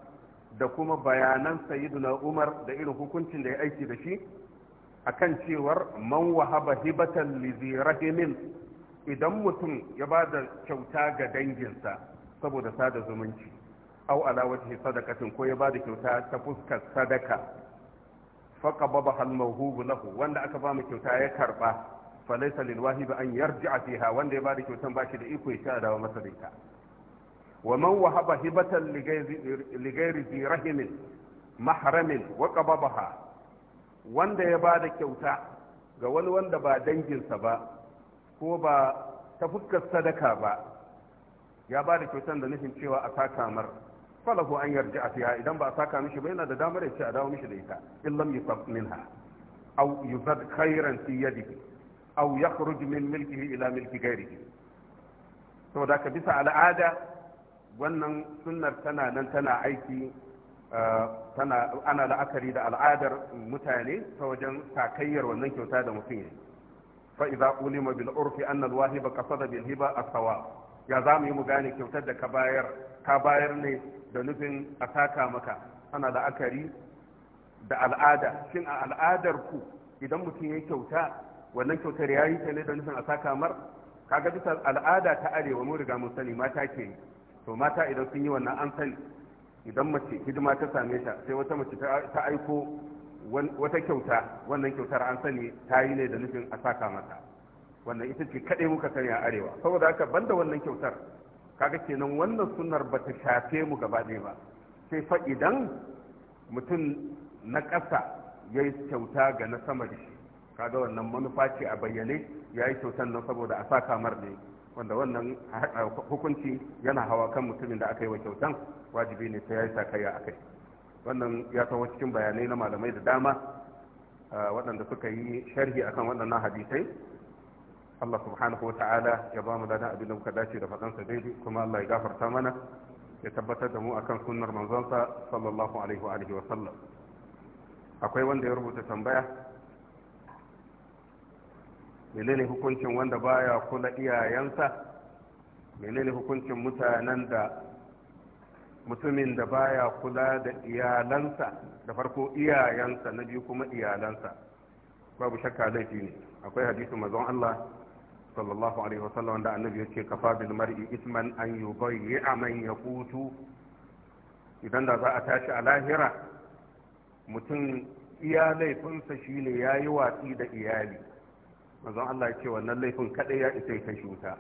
da kuma bayanan sayyiduna umar da irin hukuncin da ya aiki da shi a kan cewar man wahaba hibatan lizirahimin idan mutum ya ba da kyauta ga danginsa saboda sada zumunci au ala wajhi sadakatin ko ya ba da kyauta ta fuskar sadaka faka baba halmahubu lahu wanda aka ba mu kyauta ya karba falaisa lil wahibi an yarji'a fiha wanda ya ba da kyautan ba shi da iko ya sha dawo masa da ita wa man wahaba hibatan ligairi zi rahimin mahramin wa wanda ya bada kyauta ga wani wanda ba danginsa ba ko ba ta fuskar sadaka ba ya bada kyautan da nufin cewa a sakamar falahu an yarji a idan ba a saka ba yana da damar ya ce a dawo mishi da ita illam yusab minha aw yuzad khairan fi yadihi aw yakhruj min ila milki saboda ka bisa al'ada wannan sunnar tana nan tana aiki eh, tana ana la'akari da al'adar mutane ta wajen takayyar wannan kyauta da mutum ya fa idza ulima bil urfi anna al wahiba qasada bil hiba yi mu gane kyautar da ka bayar ka bayar ne da nufin a taka maka ana la'akari da al'ada shin a al'adar ku idan mutum ya kyauta wannan kyautar yayi ta ne da nufin a taka mar kaga bisa al'ada ta arewa mu riga mun sani mata ke yi to mata idan sun yi wannan an sani idan mace hidima ta same ta sai wata mace ta aiko wata kyauta wannan kyautar an sani ta yi ne da nufin a saka mata wannan ita ce kaɗai muka sani a arewa saboda haka banda wannan kyautar kaga kenan wannan sunnar ba ta shafe mu gaba ɗaya ba sai fa idan mutum na ƙasa ya yi kyauta ga na sama da shi kaga wannan manufa ce a bayyane ya yi kyautar nan saboda a saka mar ne wanda wannan hukunci yana hawa kan mutumin da aka yi wa kyautan wajibi ne sai ya yi sakayya a kai wannan ya taho cikin bayanai na malamai da dama waɗanda suka yi sharhi akan waɗannan hadisai Allah subhanahu wa ta'ala ya ba mu da abin da muka dace da faɗansa daidai kuma Allah ya gafarta mana ya tabbatar da mu akan sunnar manzonsa sallallahu alaihi wa alihi wa sallam akwai wanda ya rubuta tambaya menene hukuncin wanda baya kula iyayensa menene hukuncin mutanen da mutumin da baya kula da iyalansa da farko iyayensa na biyu kuma iyalansa babu shakka laifi ne akwai hadisin mazan Allah sallallahu alaihi wasallam wanda annabi ya ce kafa bil mar'i isman an yubayyi'a man yaqutu idan da za a tashi a lahira mutum iya laifinsa shine yayi watsi da iyali mazan Allah ya ce wannan laifin kadai ya isa ya kashi wuta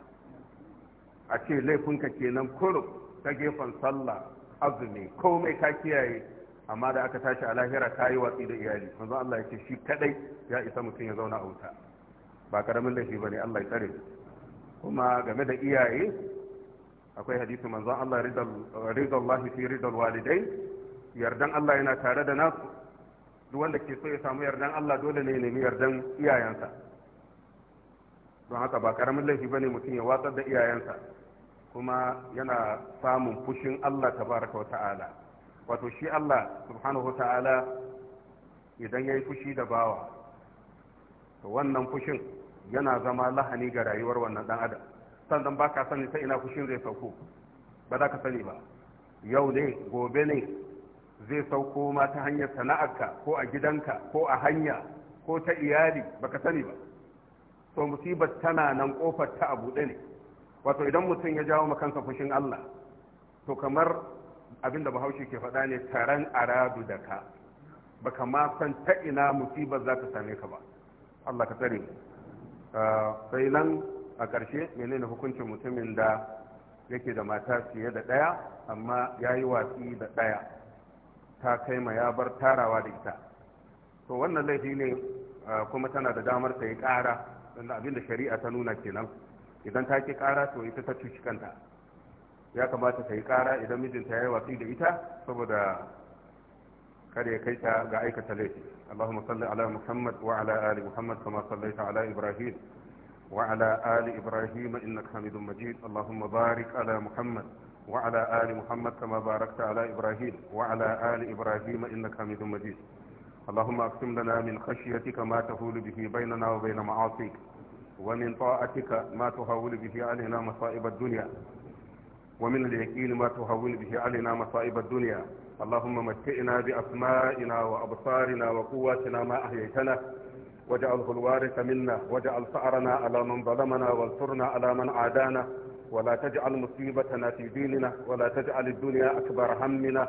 a ce laifinka kenan kurum ta gefen sallah azumi komai ka kiyaye amma da aka tashi a lahira ka yi watsi da iyali mazan Allah ya ce shi kadai ya isa mutum ya zauna a wuta ba karamin laifi ba ne Allah ya tsare kuma game da iyaye akwai hadisi manzon Allah ridallahi fi ridal walidai yardan Allah yana tare da nasu duk wanda ke so ya samu yardan Allah dole ne ya nemi yardan iyayensa don haka ba karamin laifi bane mutum ya watsar da iyayensa kuma yana samun fushin Allah tabaraka wa ta'ala wato shi Allah subhanahu wa ta'ala idan yayi fushi da bawa to wannan fushin yana zama lahani ga rayuwar wannan dan adam sannan ba ka sani ta ina fushin zai sauko ba za ka sani ba yau ne gobe ne zai sauko ma ta hanyar sana'arka ko a gidanka ko a hanya ko ta iyali baka sani ba to musibar tana nan kofar ta abu buɗe ne wato idan mutum ya jawo kansa fushin Allah to kamar abin da bahaushe ke faɗa ne taron aradu da ka baka ma san ta ina musibar za ta same ka ba Allah ka tsare ah, sai nan a ƙarshe menene hukuncin mutumin da yake da mata fiye da ɗaya amma ya yi watsi da ɗaya ta kai ma ya bar tarawa da ita to wannan laifi ne ah, kuma tana da damar ta yi ƙara wanda abin da shari'a ta nuna kenan idan ta ki kara to ita ta cuci kanta ya kamata ta yi kara idan mijinta ya yi watsi da ita saboda kada ya kai ta ga aikata laifi Allahumma salli ala Muhammad wa ala ali Muhammad kama sallaita ala Ibrahim wa ala ali Ibrahim innaka Hamidum Majid Allahumma barik ala Muhammad وعلى آل محمد كما باركت على إبراهيم وعلى آل إبراهيم إنك حميد مجيد اللهم اقسم لنا من خشيتك ما تهول به بيننا وبين معاصيك ومن طاعتك ما تهول به علينا مصائب الدنيا ومن اليقين ما تهول به علينا مصائب الدنيا اللهم متئنا بأسمائنا وأبصارنا وقواتنا ما أحييتنا واجعله الوارث منا واجعل ثأرنا على من ظلمنا وانصرنا على من عادانا ولا تجعل مصيبتنا في ديننا ولا تجعل الدنيا أكبر همنا